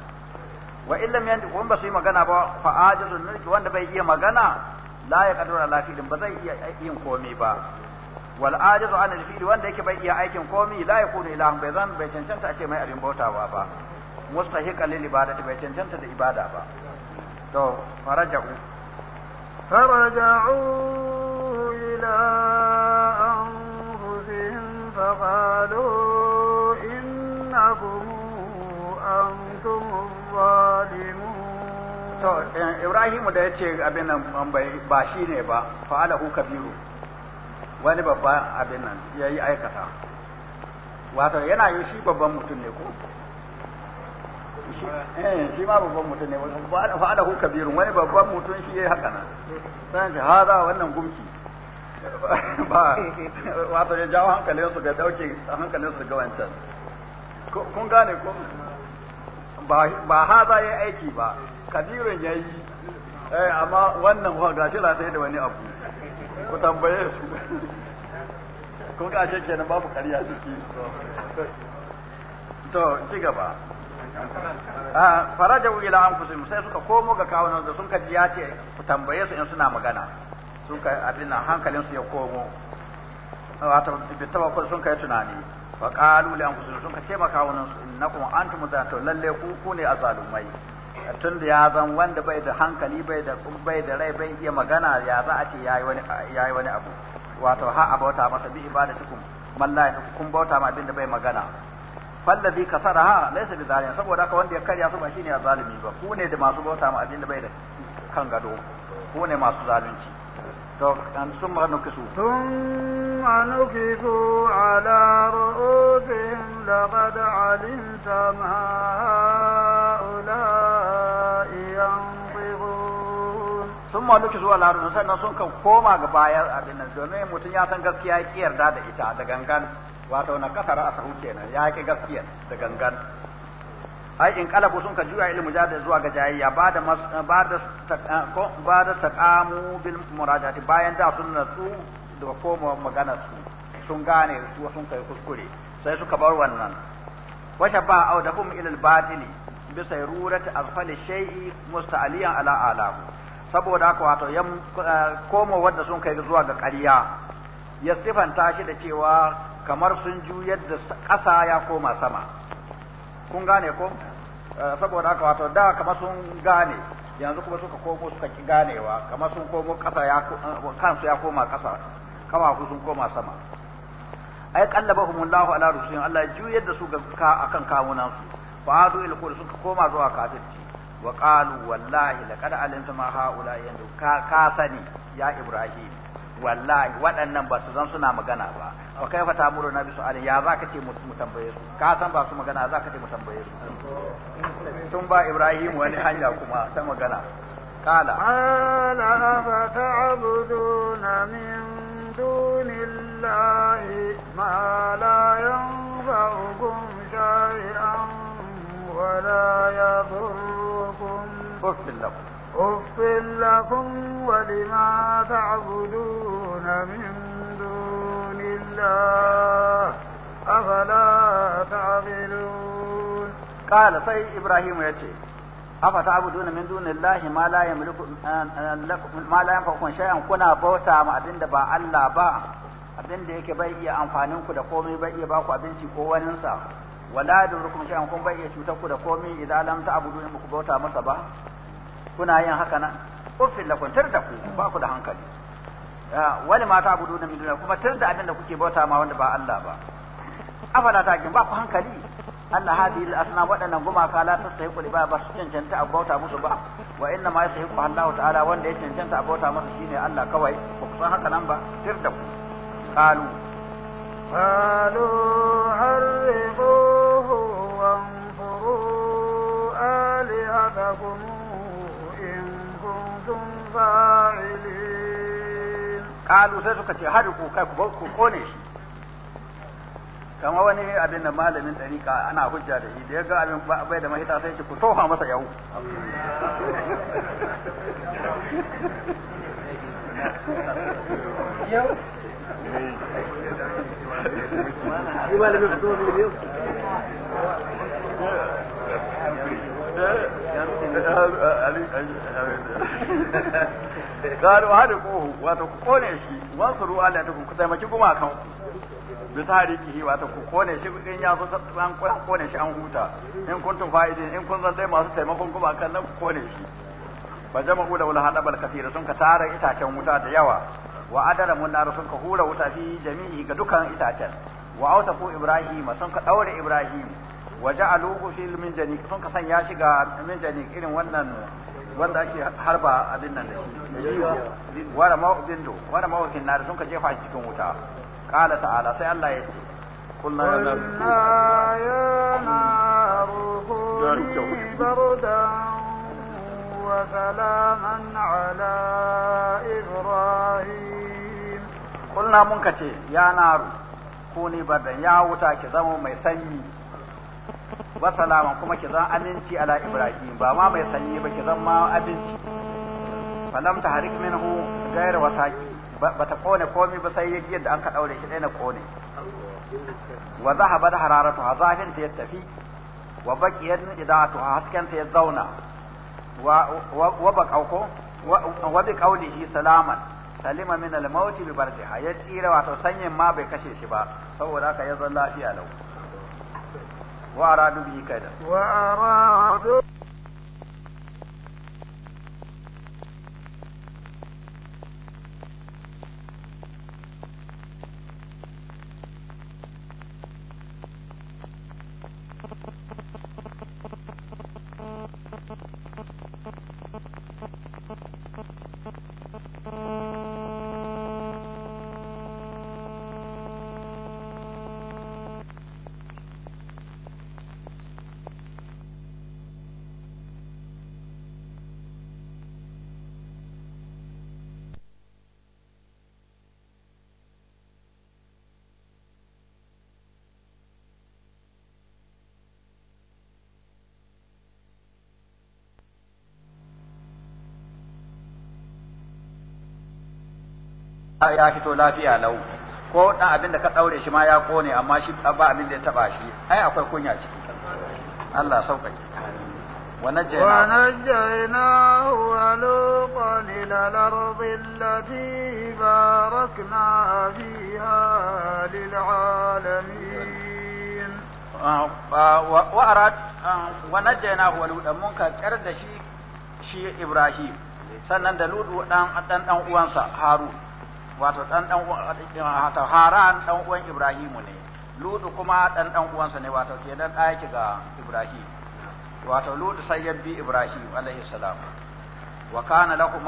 Speaker 1: wa in lam yantiqu ba su yi magana ba fa ajizun nuki wanda bai iya magana la ya kadura ala ba zai iya yin komai ba wal ajizu al fi'li wanda yake bai iya aikin komi la yakunu ilahan bai zan bai cancanta ake mai abin bautawa ba mustahiqan lil ibadati bai cancanta da ibada ba to faraja'u
Speaker 2: faraja'u ila anfusihim faqalu innakum antum zalimun
Speaker 1: to eh, Ibrahimu da yace abin nan ba shi ne ba fa'alahu kabiru wani babban abin nan ya yi aikata wato yana yi shi babban mutum ne ko shi eh, ma babban mutum ne fa alahu kabirun wani babban mutum shi ya yi haka nan shi ce haza wannan gumki ba wato ya jawo hankalin su ga dauke hankalin su ga wancan kun gane ko ba haza ya aiki ba kabirin ya yi eh, amma wannan gashi la sai da wani abu ku tambaye su kun ka ce kenan babu ƙarya ciki to ci gaba a farajau ila anfusihim sai suka komo ga kawunan da sun kaji ya ce ku tambaye su in suna magana sun kai abin nan hankalin su ya komo wato bi tawakkul sun kai tunani fa qalu li anfusihim sun ce ma kawunan su innakum antum zato lalle ku ku ne azalumai tun da ya zan wanda bai da hankali bai da bai da rai bai iya magana ya za a ce yayi wani yayi wani abu wato ha a bauta masa bi ibadatikum mallahi kun bauta ma abinda bai magana fallazi kasara ha laysa bi zalim saboda haka wanda ya karya su ba shine ya zalimi ba ku ne da masu bauta ma abinda bai da kan gado ku ne masu zalunci to an sun ma nukisu ثم
Speaker 2: نكسوا على رؤوسهم لقد علمت ما هؤلاء
Speaker 1: sun manuki zuwa larun sannan sun kan koma ga baya abin nan domin mutum ya san gaskiya ya ki yarda da ita da gangan wato na kasara a sahu kenan ya ki gaskiya da gangan ai in kalabu sun ka juya ilmu jada zuwa ga jayayya ba da ba da eh, ba da taqamu bil murajaati bayan da sun natsu da koma magana su sun gane su sun kai kuskure sai suka bar wannan wata ba au da kuma ilal batili bisa rurati alfali shay'i musta'aliyan ala alahu saboda haka wato yan eh, komo wanda sun kai zuwa ga ƙarya ya sifanta shi da cewa kamar sun juyar da ƙasa ya koma sama kun gane ko eh, saboda haka wato da kamar sun gane yanzu kuma suka komo suka ki ganewa kamar sun komo ƙasa ya eh, kansu ya koma ƙasa ku sun koma sama ai qallabahum Allahu ala rusulin Allah juyar da su ga akan kawunan su fa'adu adu ilkul suka koma zuwa kafirci wa qalu wallahi laqad alimta ma haula yanzu ka ka sani ya ibrahim wallahi waɗannan ba su zan suna magana ba kai fa kaifa tamuru nabi su'ali ya zaka ce mu tambaye su ka san ba su magana za zaka ce mu tambaye su sun ba ibrahim wani hanya kuma ta magana قال
Speaker 2: قال أفتعبدون من دون الله ما لا ينفعكم شيئا ولا يضركم
Speaker 3: أف لكم
Speaker 2: أف لكم ولما تعبدون من دون الله أفلا تعقلون
Speaker 1: قال سي إبراهيم يتي afa ta abu duna min duni lahi ma la yamliku ma shay'an kuna bauta ma abinda ba Allah ba abinda yake bai iya amfanin ku da komai bai iya ba ku abinci ko waninsa wala da rukun shay'an kun bai iya cutar ku da komai idan lam abudu in ku bauta masa ba kuna yin haka nan uffil lakum tar da ku ba ku da hankali wani ma abudu na min kuma tar da abin da kuke bauta ma wanda ba Allah ba afala ta ba ku hankali anna hadhihi al-asna wadannan gumaka la tastahiqu li ba su cancanta a bauta musu ba wa inna ma yastahiqu Allah ta'ala wanda ya cancanta a bauta masa shine Allah kawai ba ku san haka nan ba tar da ku qalu
Speaker 2: قالوا حرقوا عذابكم إن كنتم فاعلين
Speaker 1: قالوا سيسوك تحرقوا كيكبوكوا كونيش kama wani abin da malamin ana hujja da shi da ya ga abin bai da mahita sai ce ku tofa masa yau yau قالوا ƙohu wata ku kone shi wasu Allah ta ku taimaki kuma kan bi tarihi wata ku kone shi in ya kusa an kone shi an huta in tun fa'idi in kun zan dai masu taimakon kuma kan nan ku kone shi jama ku da wala hadabal kathira sun ka tara itacen wuta da yawa wa mun na sun ka hura wuta fi jami'i ga dukan itacen wa ku ibrahim sun ka ɗaure ibrahim waje a lokaci ilmin sun ka sanya shiga ga ilmin irin wannan wanda ake harba abin nan da shi wara ma'ukin do wara mawakin na da sun ka jefa shi cikin wuta kala ta'ala sai Allah ya ce kullu yana
Speaker 2: yana ruhu bardan wa salaman
Speaker 1: ala
Speaker 2: ibrahim
Speaker 1: kullu mun ka ce yana ru kuni bardan ya wuta ki zama mai sanyi wa salaman kuma ki zan aminci ala ibrahim ba ma mai sanyi ba ki zan ma abinci falam ta harik minhu gairu wasaki ba ta kone komi ba sai yake yadda an ka daure shi dai na kone wa zahaba da hararatu hazafin ta tafi wa baqiyat idatu hasken ta ya zauna wa wa baqauko wa bi qawlihi salaman salima min al-maut bi bardiha ya tsira wato sanyin ma bai kashe shi ba saboda haka ya zan lafiya lau وأرادوا به كيدا وأرادوا ya fito lafiya lau ko dan abin da ka daure shi ma ya kone amma shi ba abin da ya taba shi ai akwai kunya ciki Allah sauƙaƙe ونجيناه
Speaker 2: ولوطا إلى الأرض التي باركنا فيها للعالمين
Speaker 1: وأراد ونجيناه ولوطا منك كرد شي shi إبراهيم sannan da ludu dan dan dan uwansa Harun wato dan dan Haran dan uwan Ibrahimu ne Lutu kuma dan dan uwansa ne wato kenan nan ki ga Ibrahim wato Lutu sai ya bi Ibrahim alaihi salam wa kana lahum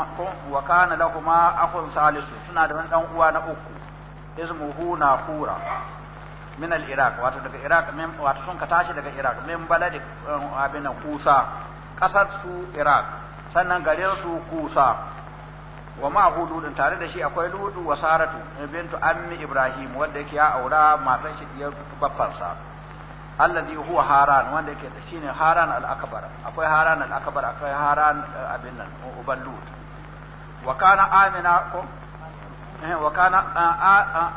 Speaker 1: wa kana lahum akhun salisu suna da wani dan uwa na uku ismuhu Naqura min al-Iraq wato daga Iraq min wato sun ka tashi daga Iraq min baladi eh, abin Kusa kasar su Iraq sannan garin su Kusa wa ma hudu din tare da shi akwai ludu wa saratu bintu ammi ibrahim wanda yake ya aura matan shi diyar sa alladhi huwa haran wanda yake shine haran al-akbar akwai haran al-akbar akwai haran eh, abin nan uban lut wa kana amina ko eh, wa kana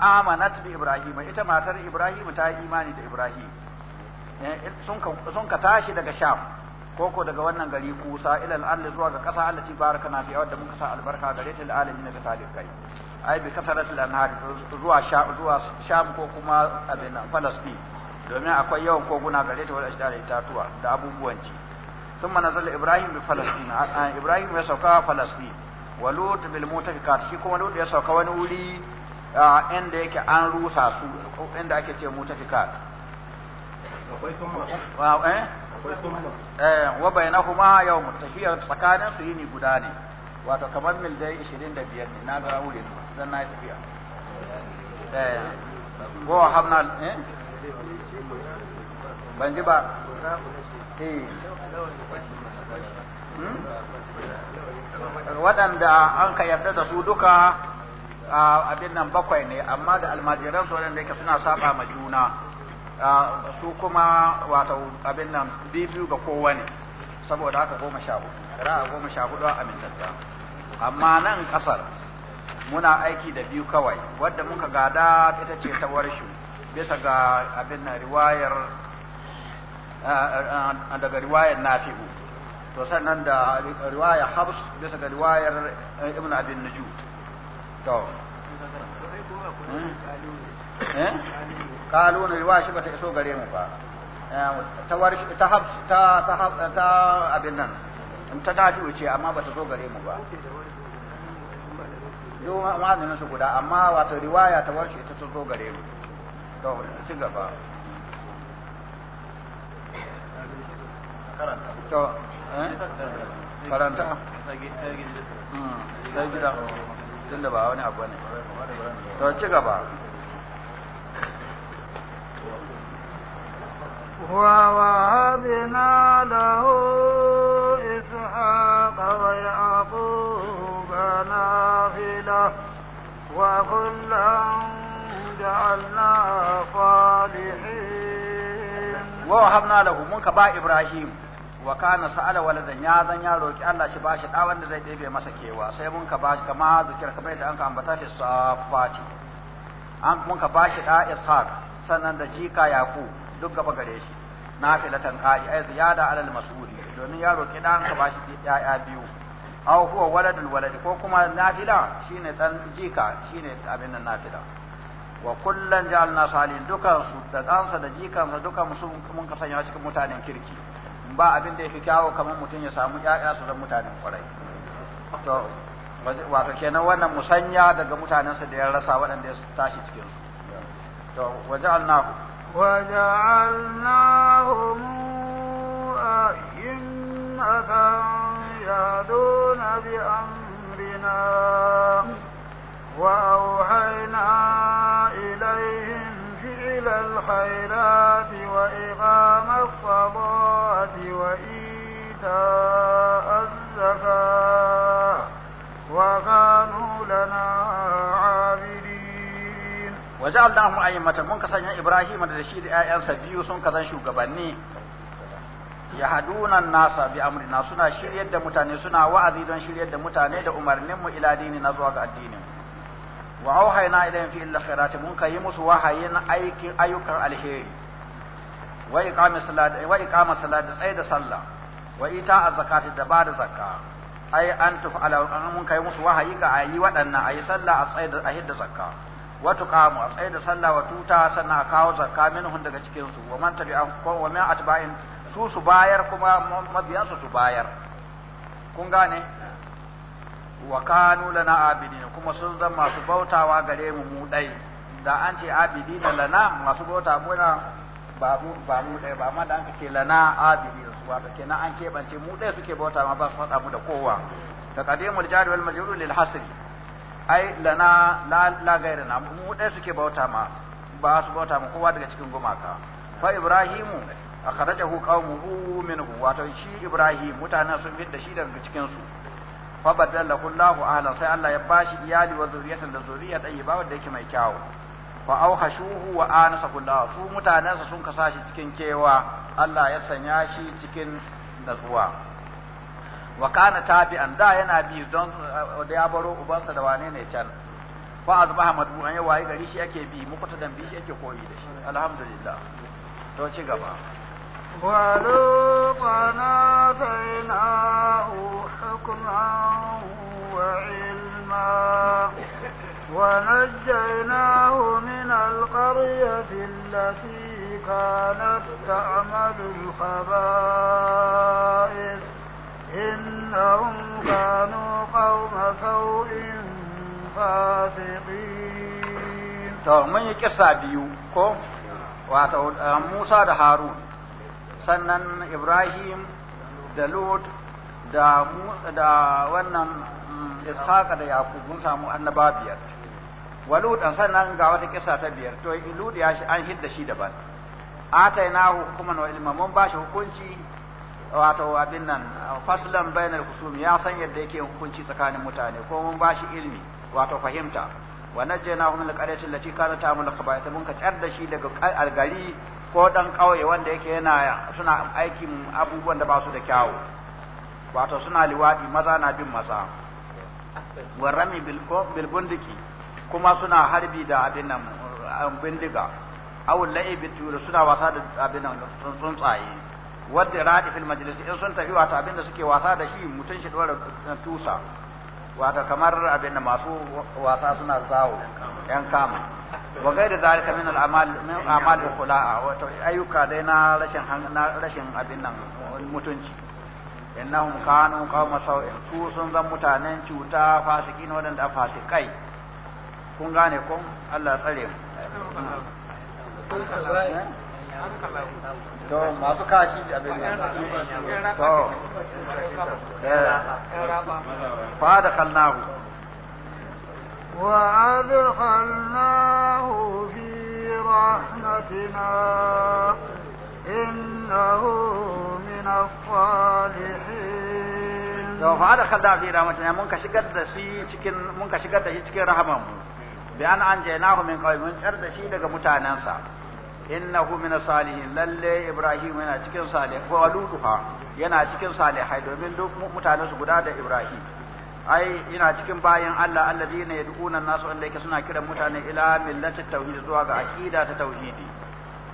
Speaker 1: amanat bi ibrahim ita matar ibrahim ta yi imani da ibrahim eh, sun ka tashi daga sham koko daga wannan gari kusa ilal ardi zuwa ga kasa baraka na fi wadda muka sa albarka gare ta alamin ga salikai ai bi al anhar zuwa sha zuwa sham ko kuma abin falastin domin akwai yawan koguna gare ta wal ta tuwa da abubuwan ci ثم ibrahim bi falastin ibrahim ya sauka فلسطين bil بالمؤتفكات shi kuma lut ya sauka wani wuri inda yake an rusa su inda ake ce mutafikat
Speaker 3: akwai kuma eh
Speaker 1: eh wa bainahuma yawm tafiyar tsakanin su yini guda ne wato kamar mil dai 25 ne na ga wurin zan na tafiya eh go habna eh ban ji ba eh
Speaker 3: hmm? waɗanda an ka
Speaker 1: yarda da su duka abin nan bakwai ne amma da almajiran su waɗanda yake suna saba ma juna su kuma wato abin nan bibiyu ga kowane saboda haka goma sha hudu ra'a goma sha hudu a amintatta amma nan kasar muna aiki da biyu kawai wadda muka gada ita ce ta warshu bisa ga abin nan riwayar daga riwayar nafi'u to sannan da riwayar habs bisa ga riwayar eh, ibn abin nuju to
Speaker 3: hmm? eh qalu
Speaker 1: na yuwashi bata iso gare mu ba ta warshi ta habs nan ta dafi ce amma ما zo gare mu ba واتو ma'anin su guda amma riwaya ta warshi ta zo gare mu ba wani abu ne to ci gaba
Speaker 2: ووهبنا له إسحاق ويعقوب نافلة وكلا جعلنا صالحين ووهبنا
Speaker 1: له منك با إبراهيم wa kana sa'ala waladan ya zan ya roki Allah shi bashi da wanda zai ɗebe masa kewa sai mun ka bashi kama zikir kamar da an ka ambata fi safati mun ka bashi da ishaq sannan da jika yaqub duk gaba gare shi filatan qali ay ziyada alal mas'uli domin ya roki dan ka bashi yaya biyu aw huwa waladul waladi ko kuma nafila shine dan jika shine abin nan nafila wa kullan ja'alna salin dukan su da dansa da sa dukan su mun ka sanya cikin mutanen kirki ba abin da yake kyawo kamar mutum ya samu yaya su zan mutanen kwarai to wato kenan wannan musanya daga mutanensa da ya rasa waɗanda ya tashi cikin su to waja'alnahu
Speaker 2: وجعلناهم أئمة يهدون بأمرنا وأوحينا إليهم فعل الخيرات وإقام الصلاة وإيتاء الزكاة وكانوا لنا عابدين
Speaker 1: wa ja'alnahum a'immatan mun kasanya Ibrahim da shi da ƴaƴansa biyu sun kazan shugabanni yahduna nasa bi amrina suna shiryar da mutane suna wa'azi don shiryar da mutane da umarnin mu ila dini na zuwa ga addinin wa auhayna ilayhim fi al-khairat mun kai musu wahayin aikin ayyukan alheri wa iqamis salat wa sallah da zakka ai an mun kai musu wahayi ga ayi waɗannan ayi sallah a tsaye da wato kamu a tsaye da sallah wa tuta sannan a kawo zakka minhum daga cikin su wa man tabi'an ko wa min atba'in su su bayar kuma mabiyan su su bayar kun gane wa kanu lana abidin kuma sun zama masu bautawa gare mu mu dai da an ce abidin lana masu bauta muna ba mu ba mu dai ba amma da an ce lana abidin su take na an kebance mu dai suke bauta ma ba su faɗa mu da kowa taqdimul jari wal majrur lil hasri ai lana la na mu dai suke bauta ma ba su bauta ma kowa daga cikin gumaka fa ibrahimu akhrajahu qaumuhu minhu wato shi ibrahim mutanen sun fitta shi daga cikin su fa badalla kullahu ahla sai Allah ya bashi iyali wa zuriyatan da zuriya tayyiba wanda yake mai kyawu fa auhashuhu wa anasa kullahu su mutanensa sun kasashi cikin kewa Allah ya sanya shi cikin natsuwa wa kana tabi'an da yana bi don eh, da ya baro ubansa da wane ne can fa azbaha madbu'an ya waye gari shi yake bi muqtadan bi shi yake koyi da shi alhamdulillah to ci gaba
Speaker 2: ولوطنا آتيناه حكما وعلما ونجيناه من القرية التي كانت تعمل الخبائث إنهم كانوا قوم سوء فاسقين
Speaker 1: تو من يكسا بيو كو واتو موسى ده هارون sannan Ibrahim da Lot da da wannan mm, Ishaqa da Yaqub mun samu annaba biyar walud an sannan ga wata kisa ta biyar to lud ya shi an hidda shi daban atainahu hukuman wa ilma mun bashi hukunci wato abin nan faslan bainar kusumi ya san yadda yake hukunci tsakanin mutane ko mun ba shi ilmi wato fahimta wa hum min qaryati allati kanat ta'mal khaba'ith mun ka tsar da shi daga algari ko dan kauye wanda yake yana suna aikin abubuwan da ba su da kyawu wato suna liwadi maza na bin maza wa rami bil bundiki kuma suna harbi da abin nan bindiga aw la'ibi suna wasa da abin nan tsuntsaye wadda radi fil majlis in sun tafi wato abin da suke wasa da shi mutun shi dora tusa wato kamar abin da masu wasa suna zawo yan kama wa gaida zalika min al amal min amal al wato ayyuka dai na rashin rashin abin nan mutunci innahum kanu qawma sawin su sun zan mutanen cuta fasikin wadanda fasikai kun gane kun Allah tsare mu
Speaker 3: to masu da abin eh. fa da kalnahu
Speaker 2: wa adkhalnahu fi rahmatina da kalnahu fi
Speaker 1: rahmatina mun ka shigar da shi cikin mun ka shigar da shi cikin rahamanmu bi an anjaynahu min qawmin tsar da shi daga mutanansa innahu min salihin lalle ibrahim yana cikin salih wa yana cikin salihai domin duk mutanen su guda da ibrahim ai yana cikin bayan Allah alladina yad'una nasu wanda yake suna kiran mutane ila millati tauhid zuwa ga aqida ta tauhidi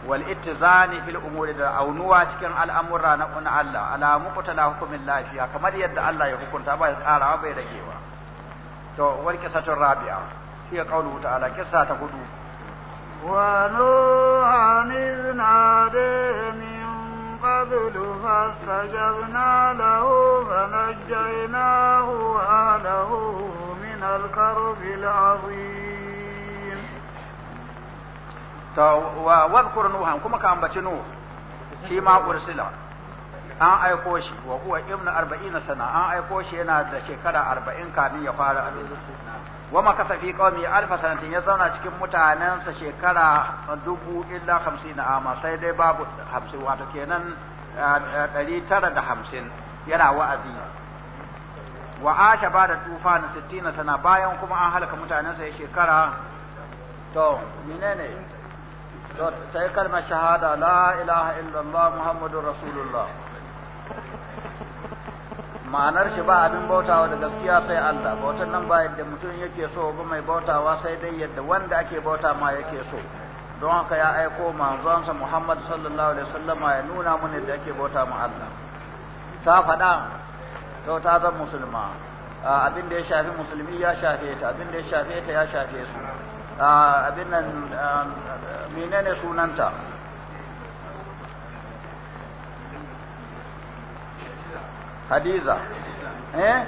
Speaker 1: wal ittizani fil umuri da aunuwa cikin al'amura na kun Allah ala muqtala hukumin lafiya kamar yadda Allah ya hukunta ba ya tsara bai ragewa to wal qisatu rabi'a hiya qawluhu ta'ala qissa ta hudu
Speaker 2: ونوحا إذ نادي من قبل فاستجبنا له فنجيناه وأهله من الكرب العظيم
Speaker 1: واذكر نوحا كما كان فيما an aiko shi wa huwa ibnu 40 sana an aiko shi yana da shekara arba'in kafin ya fara aiki wa makasa fi qaumi alf sanatin ya zauna cikin mutanensa shekara dubu illa 50 amma sai dai babu hamsin wato kenan ɗari tara da hamsin yana wa'azi wa asha ba da tufa tufan 60 sana bayan kuma an halaka mutanensa ya shekara to menene to sai kalmar shahada la ilaha illallah muhammadur rasulullah ma'anar shi ba abin bautawa da gaskiya sai Allah bautan nan ba yadda mutum yake so ba mai bautawa sai dai yadda wanda ake bauta ma yake so don haka ya aiko manzonsa Muhammad sallallahu alaihi wasallam ya nuna mana yadda ake bauta ma Allah ta faɗa to ta zan musulma abin da ya shafi musulmi ya shafe ta abin da ya shafe ta ya shafe su abin nan menene sunanta
Speaker 3: hadiza eh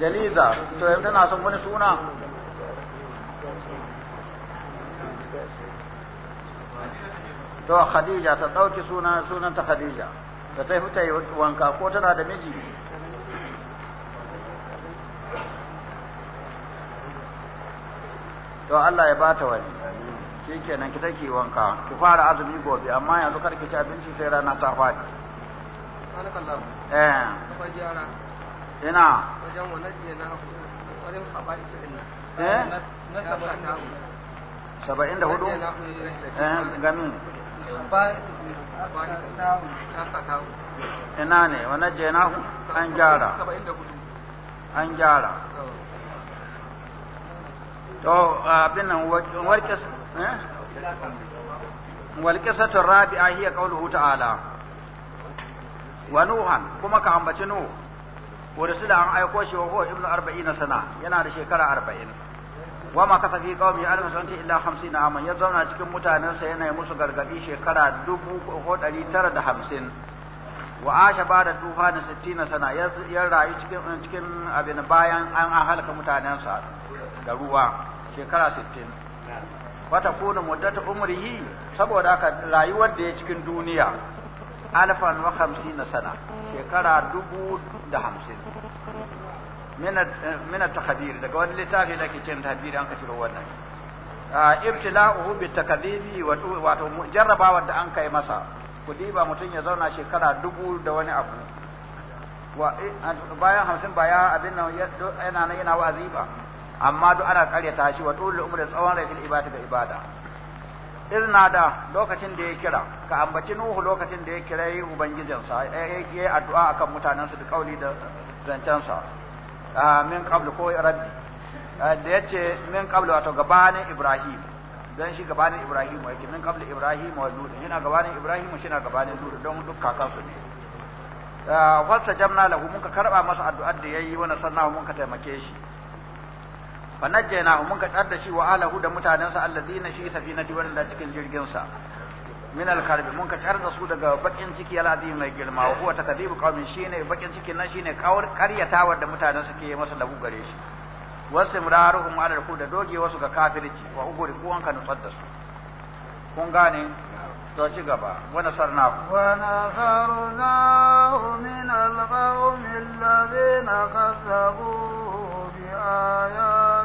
Speaker 3: jaliza to yanzu na son wani suna to khadija ta dauki
Speaker 1: suna ta khadija ta tafi ta yi wanka ko tana da miji to Allah ya bata wani shikenan ki take wanka ki fara azumi gobe amma yanzu kar ki ci abinci sai rana ta faɗi
Speaker 2: eh ina eh? na
Speaker 1: saba'in da hudu eh, ina ne wa najjaynahu an gyara an gyara to abin nan walƙis walƙisatu eh? rabi'a hiya qawluhu ta'ala wa nuhan kuma ka ambaci nuhu wa rasula an aiko shi wa huwa ibnu 40 sana yana da shekara 40 wa ma kasa fi qaumi alf sunti illa 50 aman ya zauna cikin mutanensa yana musu gargadi shekara 1950 wa asha bada tufani 60 sana ya rayu cikin cikin abin bayan an mutanen mutanensa da ruwa shekara 60 wata kuna muddatu umrihi saboda aka rayuwar da ya cikin duniya alfan wa hamsin sana shekara dubu da hamsin mina eh, takabir daga wani littafi da ke cin takabir an kashi wannan ah, ibtila'uhu bi takadhibi wato jarraba wanda an kai masa ku ba mutum ya zauna shekara dubu da wani abu eh, bayan hamsin ba ya abin nan yana yana wa'azi ba amma duk ana karyata shi wa tulul tsawon rai ibada ga ibada iznada lokacin da ya kira ka ambaci nuhu lokacin da ya kira yi ubangijinsa eh, ya yi addu'a akan mutanensu da kauli da zancensa ah, min qablu ko rabbi ah, da yace min qablu wato gabanin ibrahim dan shi gabanin ibrahim yake min qablu ibrahim wa lut yana gabanin ibrahim shi na gabanin lut don duk kakansu ne ah, wasa jamna lahu mun ka karba masa addu'ar da yayi wannan sannan mun ka taimake shi fa najjaynahu mun kadar da shi wa alahu da mutanansa alladina shi safinati wanda cikin jirgin sa min al-karbi mun kadar da su daga bakin ciki al'azim mai girma wa huwa takdibu qaumin shine bakin cikin nan shine kawar karyatawar da mutanen ke masa labu gare shi wasu muraruhum ala ku da doge wasu ga kafirci wa uguri ku wanka nutsar da su kun gane to ci gaba wa nasarnahu
Speaker 2: wa nasarnahu min alqaumil qawmi kazzabu bi ayatina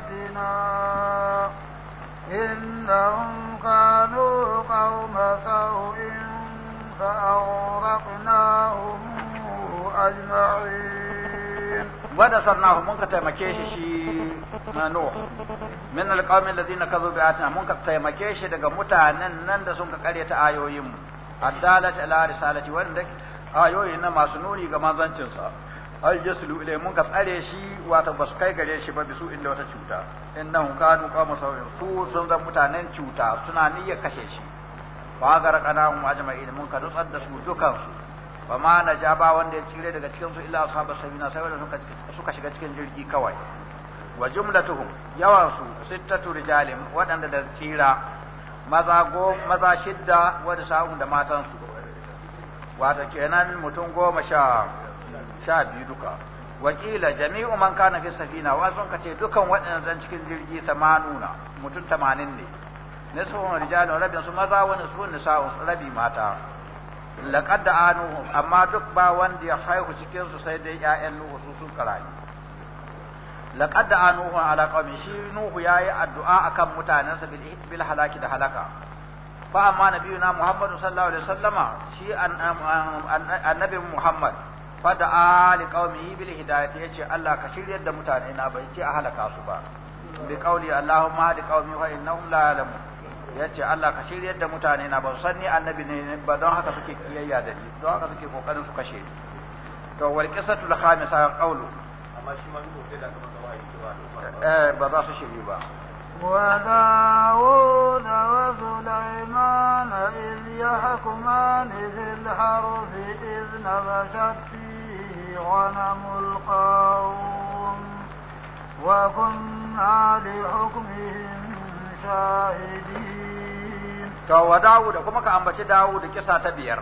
Speaker 2: إنهم كانوا قوم سوء فأغرقناهم أجمعين
Speaker 1: ونصرناه منك تمكيش شي نوح من القوم الذين كذبوا بآياتنا منك تمكيش دقا متعنن نندسون كقرية آيوهم الدالة على رسالة وندك آيوهن ما سنوني كما ظنشن صار ai jasulu ilai mun ka tsare shi wato ba su kai gare shi ba bisu inda wata cuta innahum kanu qawma sawin su sun zan mutanen cuta suna niyyar kashe shi Ba ga rakana mu ajma'in mun ka nutsar da su dukan su ba ma ja ba wanda ya cire daga cikin su illa ashabu sabina sai wanda suka shiga cikin jirgi kawai wa jumlatuhum yawan su sittatu rijalin waɗanda da tsira maza go maza shidda wa sa'un da matan su wato kenan mutum goma sha sha biyu duka wakila jami'u man kana fi safina wa sun kace dukan waɗannan cikin jirgi tamanuna mutum tamanin ne nisfun rijalu rabin su maza wa mata laqad amma duk ba wanda ya haihu cikin su sai dai ƴaƴan nuhu su sun karani laqad da'anuhu ala qaumi shi nuhu yayi addu'a akan mutanansa bil bil halaki da halaka fa amma nabiyuna muhammadu sallallahu alaihi wasallama shi annabi muhammad fada'a li qaumihi bil hidayati yace Allah ka shiryar da mutane na bai ce a halaka su ba bi qauli Allahumma hadi qaumi fa innahum la ya'lamun yace Allah ka shiryar da mutane na ba su sanni annabi ne ba don haka suke kiyayya da ni don haka suke kokarin su kashe ni to wal qisatul khamisa qawlu
Speaker 3: amma shi ma ko da kamar
Speaker 1: ba eh ba za su shiri ba
Speaker 2: وداود وسليمان إذ يحكمان في الحرث إذ نبشت غنم القوم وكنا لحكمهم شاهدين
Speaker 1: تو داود كما بشي داود كسا تبير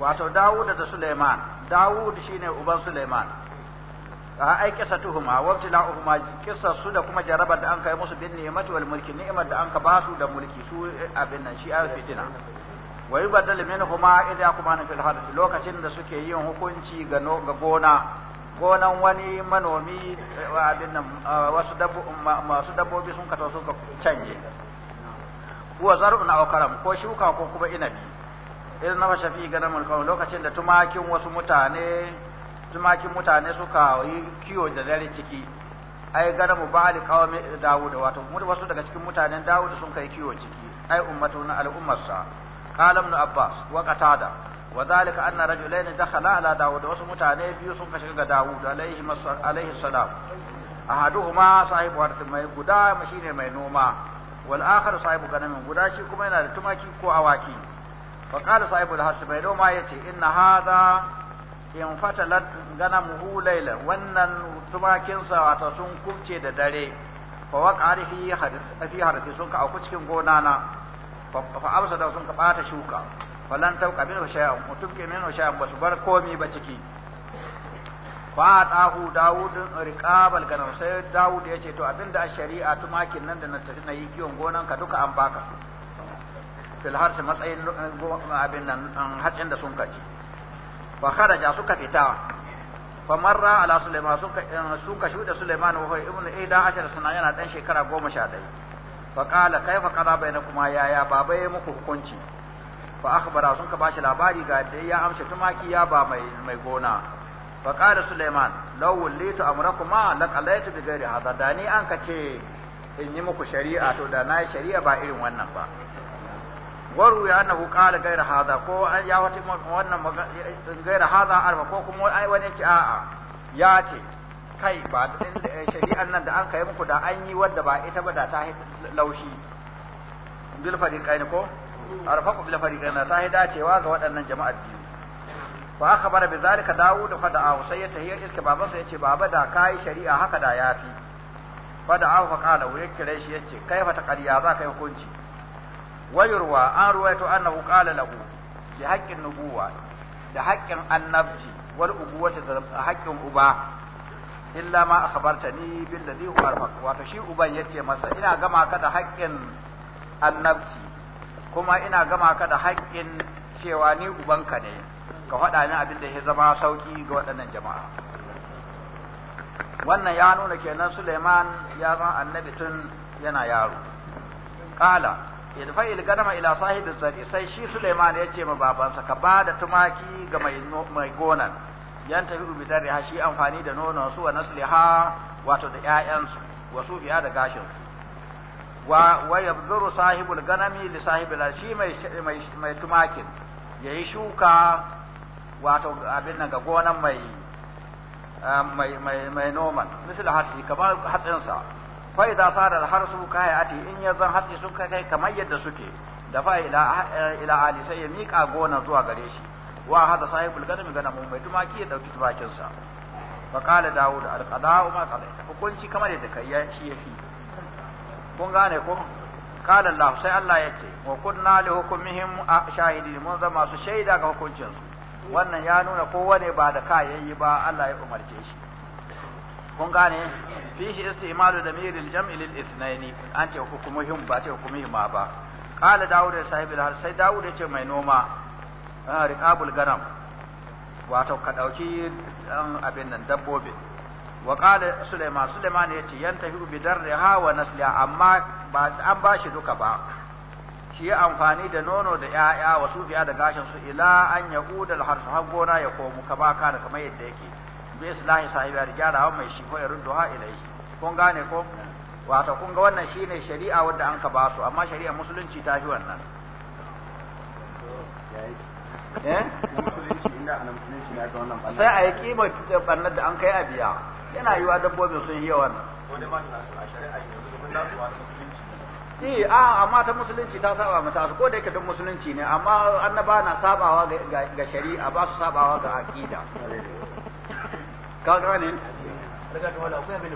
Speaker 1: wato Dawud da Suleiman Dawud shine uban Suleiman ai kisa tuhuma wa ibtila'uhuma kisa su da kuma jarabar da an kai musu bin ni'mati wal mulki ni'mar da an ka basu da mulki su abin nan shi a fitina wa yi badal min huma idan kuma na filhar lokacin da suke yin hukunci ga gona gonan wani manomi eh, abin nan eh, wasu masu dabbobi sun kato suka canje huwa zar'un aw karam ko shuka ko kuma inabi idan na fasha fi ganin mulkan lokacin da tumakin wasu mutane tumakin mutane suka yi kiyo da dare ciki ai ganin mu bali qawmi dawud wato wasu daga cikin mutanen dawud sun kai kiyo ciki ai na al'ummarsa قال ابن عباس وقتاده وذلك أن رجلين دخلا على داود وسمت biyu sun kashe داود عليه عليه السلام أحدهما صاحب ورث ما يقدا مشين ما ينوما والآخر صاحب غنم غدا شي كما yana da tumaki ko awaki فقال صاحب الحرث ما ينوما yace إن هذا in fatalat ganamuhu laila wannan tumakinsa wato sun kubce da dare fa waqa fi harfi sun ka auku cikin gona na fa amsa da sun ka bata shuka falan tauka minhu shay'an mutuke minhu shay'an su bar komi ba ciki fa atahu daud riqabal ganam sai daud ya ce to abinda a shari'a tumakin nan da na tafi na yi kiwon gonan ka duka an baka fil shi matsayin abin nan hatsin da sun kaci fa kharaja suka fita fa marra ala sulaiman suka suka shuda sulaiman wa ibnu 11 sana yana dan shekara 11 fa qala kaifa qada bainakuma ya ya baba yayi muku hukunci fa akhbara sun ka bashi labari ga da ya amsa tumaki ya ba mai mai gona fa qala sulaiman law wallitu amrakuma laqalaitu bi ghairi hada dani an ka ce in yi muku shari'a to da nayi shari'a ba irin wannan ba waru ya annahu qala ghairi hada ko ya wata wannan ghairi hada arba ko kuma ai wani a'a ya ce kai ba eh, shari'an nan da an kai muku da an yi wadda ba ita ba da ta laushi bil fariqain ko arfaqu bil fariqain ta hi dacewa ga waɗannan jama'ar biyu fa akhbara bi zalika daud fa da'a sai ya tahiyya iska baban sa yace baba da kai shari'a haka da yafi fa da'a fa qala wa yakira shi yace kaifa ta qariya za kai hukunci wayurwa an ruwaito annahu qala lahu bi haqqin nubuwa da haƙƙin annabci wal ubuwata da haƙƙin uba illa ma akhbartani bil ladhi huwa al-haq wato shi uban yace masa ina gama ka da haƙƙin annabci kuma ina gama ka da haƙƙin cewa ni ubanka ne ka faɗa ni abin da ya zama sauki ga waɗannan jama'a wannan ya nuna kenan Suleiman ya zama annabi tun yana yaro qala idfa il gadama ila sahibi sai shi Suleiman ya ce ma babansa ka ba da tumaki ga mai gonan yantafi bi ya shi amfani da nonon su wa nasliha wato da ƴaƴansu wa su biya da gashin su wa wa yabzuru sahibul ganami li sahibil shi mai mai mai tumakin yayi shuka wato abin nan ga gonan mai ah, mai mai mai noman misal hatsi kamar hatsin sa fa idza sara al harsu kayati in yazan hatsi sun kai kamar yadda suke da fa ila ah, ila ali sai ya mika gona zuwa gare shi wa hada sahibul gadam gana mu mai tumaki ya dauki tumakin sa fa qala daud al qada'u ma qala hukunci kamar yadda kai ya shi yafi kun gane ko qala allah sai allah ya ce wa kunna li hukmihim shahidin mun zama su shaida ga hukuncin su wannan ya nuna kowane ba da kayayyi ba allah ya umarce shi kun gane fi shi istimalu damiril jam'i lil ithnaini an ce hukumuhum ba ce hukumihim ba qala daud bil har sai daud ya ce mai noma Ah, riqabul garam wato ka dauki dan abin nan dabbobi wa qala sulaiman sulaiman yace hu bi ha wa nasliha amma ba an bashi duka ba shi ya amfani da nono da ‘ya'ya wa sufiya da gashin su ila an ya udal harsu har gona ya komu ka ba ka da kamar yadda yake bi islahi sahibi rigara wa mai shi ko ya ha ilai kun gane ko wato kun ga wannan shine shari'a wadda an ka ba su amma shari'a musulunci ta fi wannan Eh? sai a yi kimar barnar da an kai a biya yana yiwa dabbobin sun yi yawan Eh, a amma ta musulunci ta saba mata su ko da yake duk musulunci ne amma annaba na sabawa ga shari'a ba su sabawa ga aqida ka gane daga wala akwai ba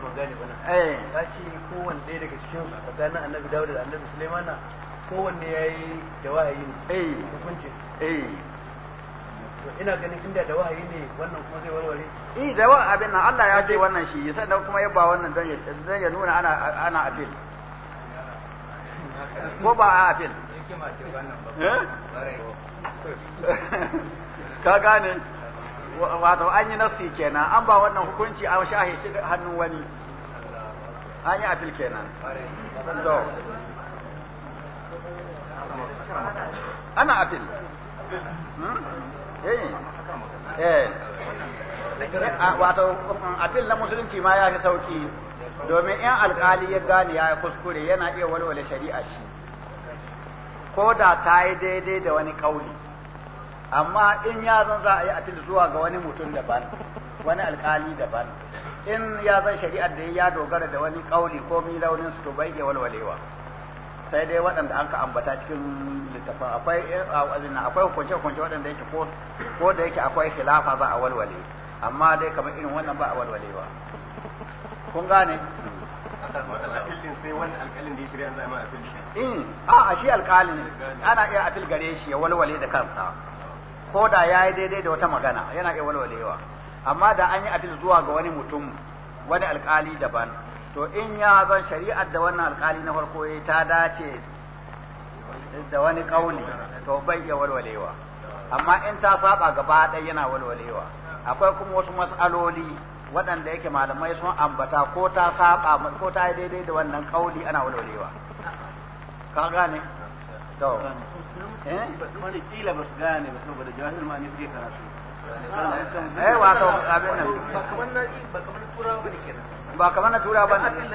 Speaker 1: eh. tsakanin annabi Dawud da annabi Sulaiman yayi da eh. ina ganin inda da wahayi ne wannan kuma zai warware eh da wa abin nan Allah ya ce wannan shi sannan kuma ya ba wannan dan dan ya nuna ana ana appeal
Speaker 3: ko ba a appeal
Speaker 1: eh? ka gane wato an yi nafsi kenan an ba wannan hukunci a shahi shi hannun wani an yi appeal kenan to ana appeal
Speaker 3: hmm? Eh. Eh. wato
Speaker 1: na musulunci ma ya fi sauki domin in alkali ya gane ya kuskure yana iya walwale shari'a shi ko da ta yi daidai da wani kauli amma in ya zan za a yi apil zuwa ga wani mutum daban wani alkali daban in ya zan shari'ar da ya dogara da wani kauli ko mi raunin to bai iya walwalewa sai dai waɗanda an ka ambata cikin littafin akwai eh, akwai hukunce hukunce waɗanda yake ko ko da yake akwai khilafa ba a walwale amma dai kamar irin wannan ba a ba kun gane sai wani alƙalin da ya shirya zama a a shi alƙalin ana iya afil gare shi ya walwale da kansa ko da ya yi daidai da wata magana yana iya walwalewa amma da an yi afil zuwa ga wani mutum wani alƙali daban to in ya zan shari'ar da wannan alkali na farko ya ta dace da wani kauli to bai iya walwalewa amma in ta saba gaba ɗaya yana walwalewa akwai kuma wasu matsaloli waɗanda yake malamai sun ambata ko ta saba ko ta yi daidai da wannan kauli ana walwalewa ka gane to eh ba su gane ba jahil ma ne suke karatu eh wato abin nan ba kamar na ba kamar turawa ne kenan ba kamar na tura ba ne ta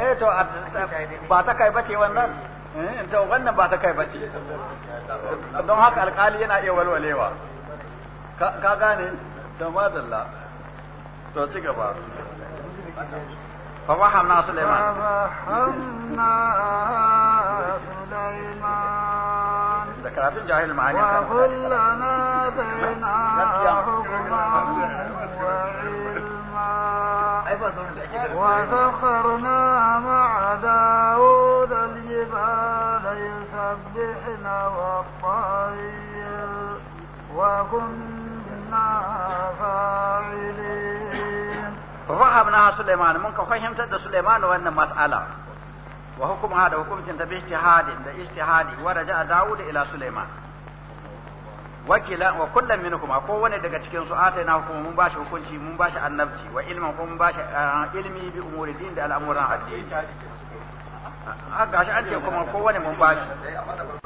Speaker 1: eh, to ba ta kai bace wannan eh, to wannan ba ta don haka alkali yana iya walwalewa ka gane to madalla to ci gaba فوحنا سليمان
Speaker 2: فوحنا سليمان ذكرت الجاهل المعاني وكلنا آتينا حكما وعلما وسخرنا مع داود الجبال يسبحن والطير وكنا فاعلين
Speaker 1: ففهمناها سليمان منك فهمت سليمان وأن مسألة وحكم هذا حكم تنتبه اجتهاد اجتهادي ورجع داود إلى سليمان wakila wa kullum minkum akwai wani daga cikin su atai na hukumu mun bashi hukunci mun bashi annabci wa ilman kuma mun bashi ah, ilmi bi umuri din da al'amuran addini haka ah, shi an ce kuma kowane mun bashi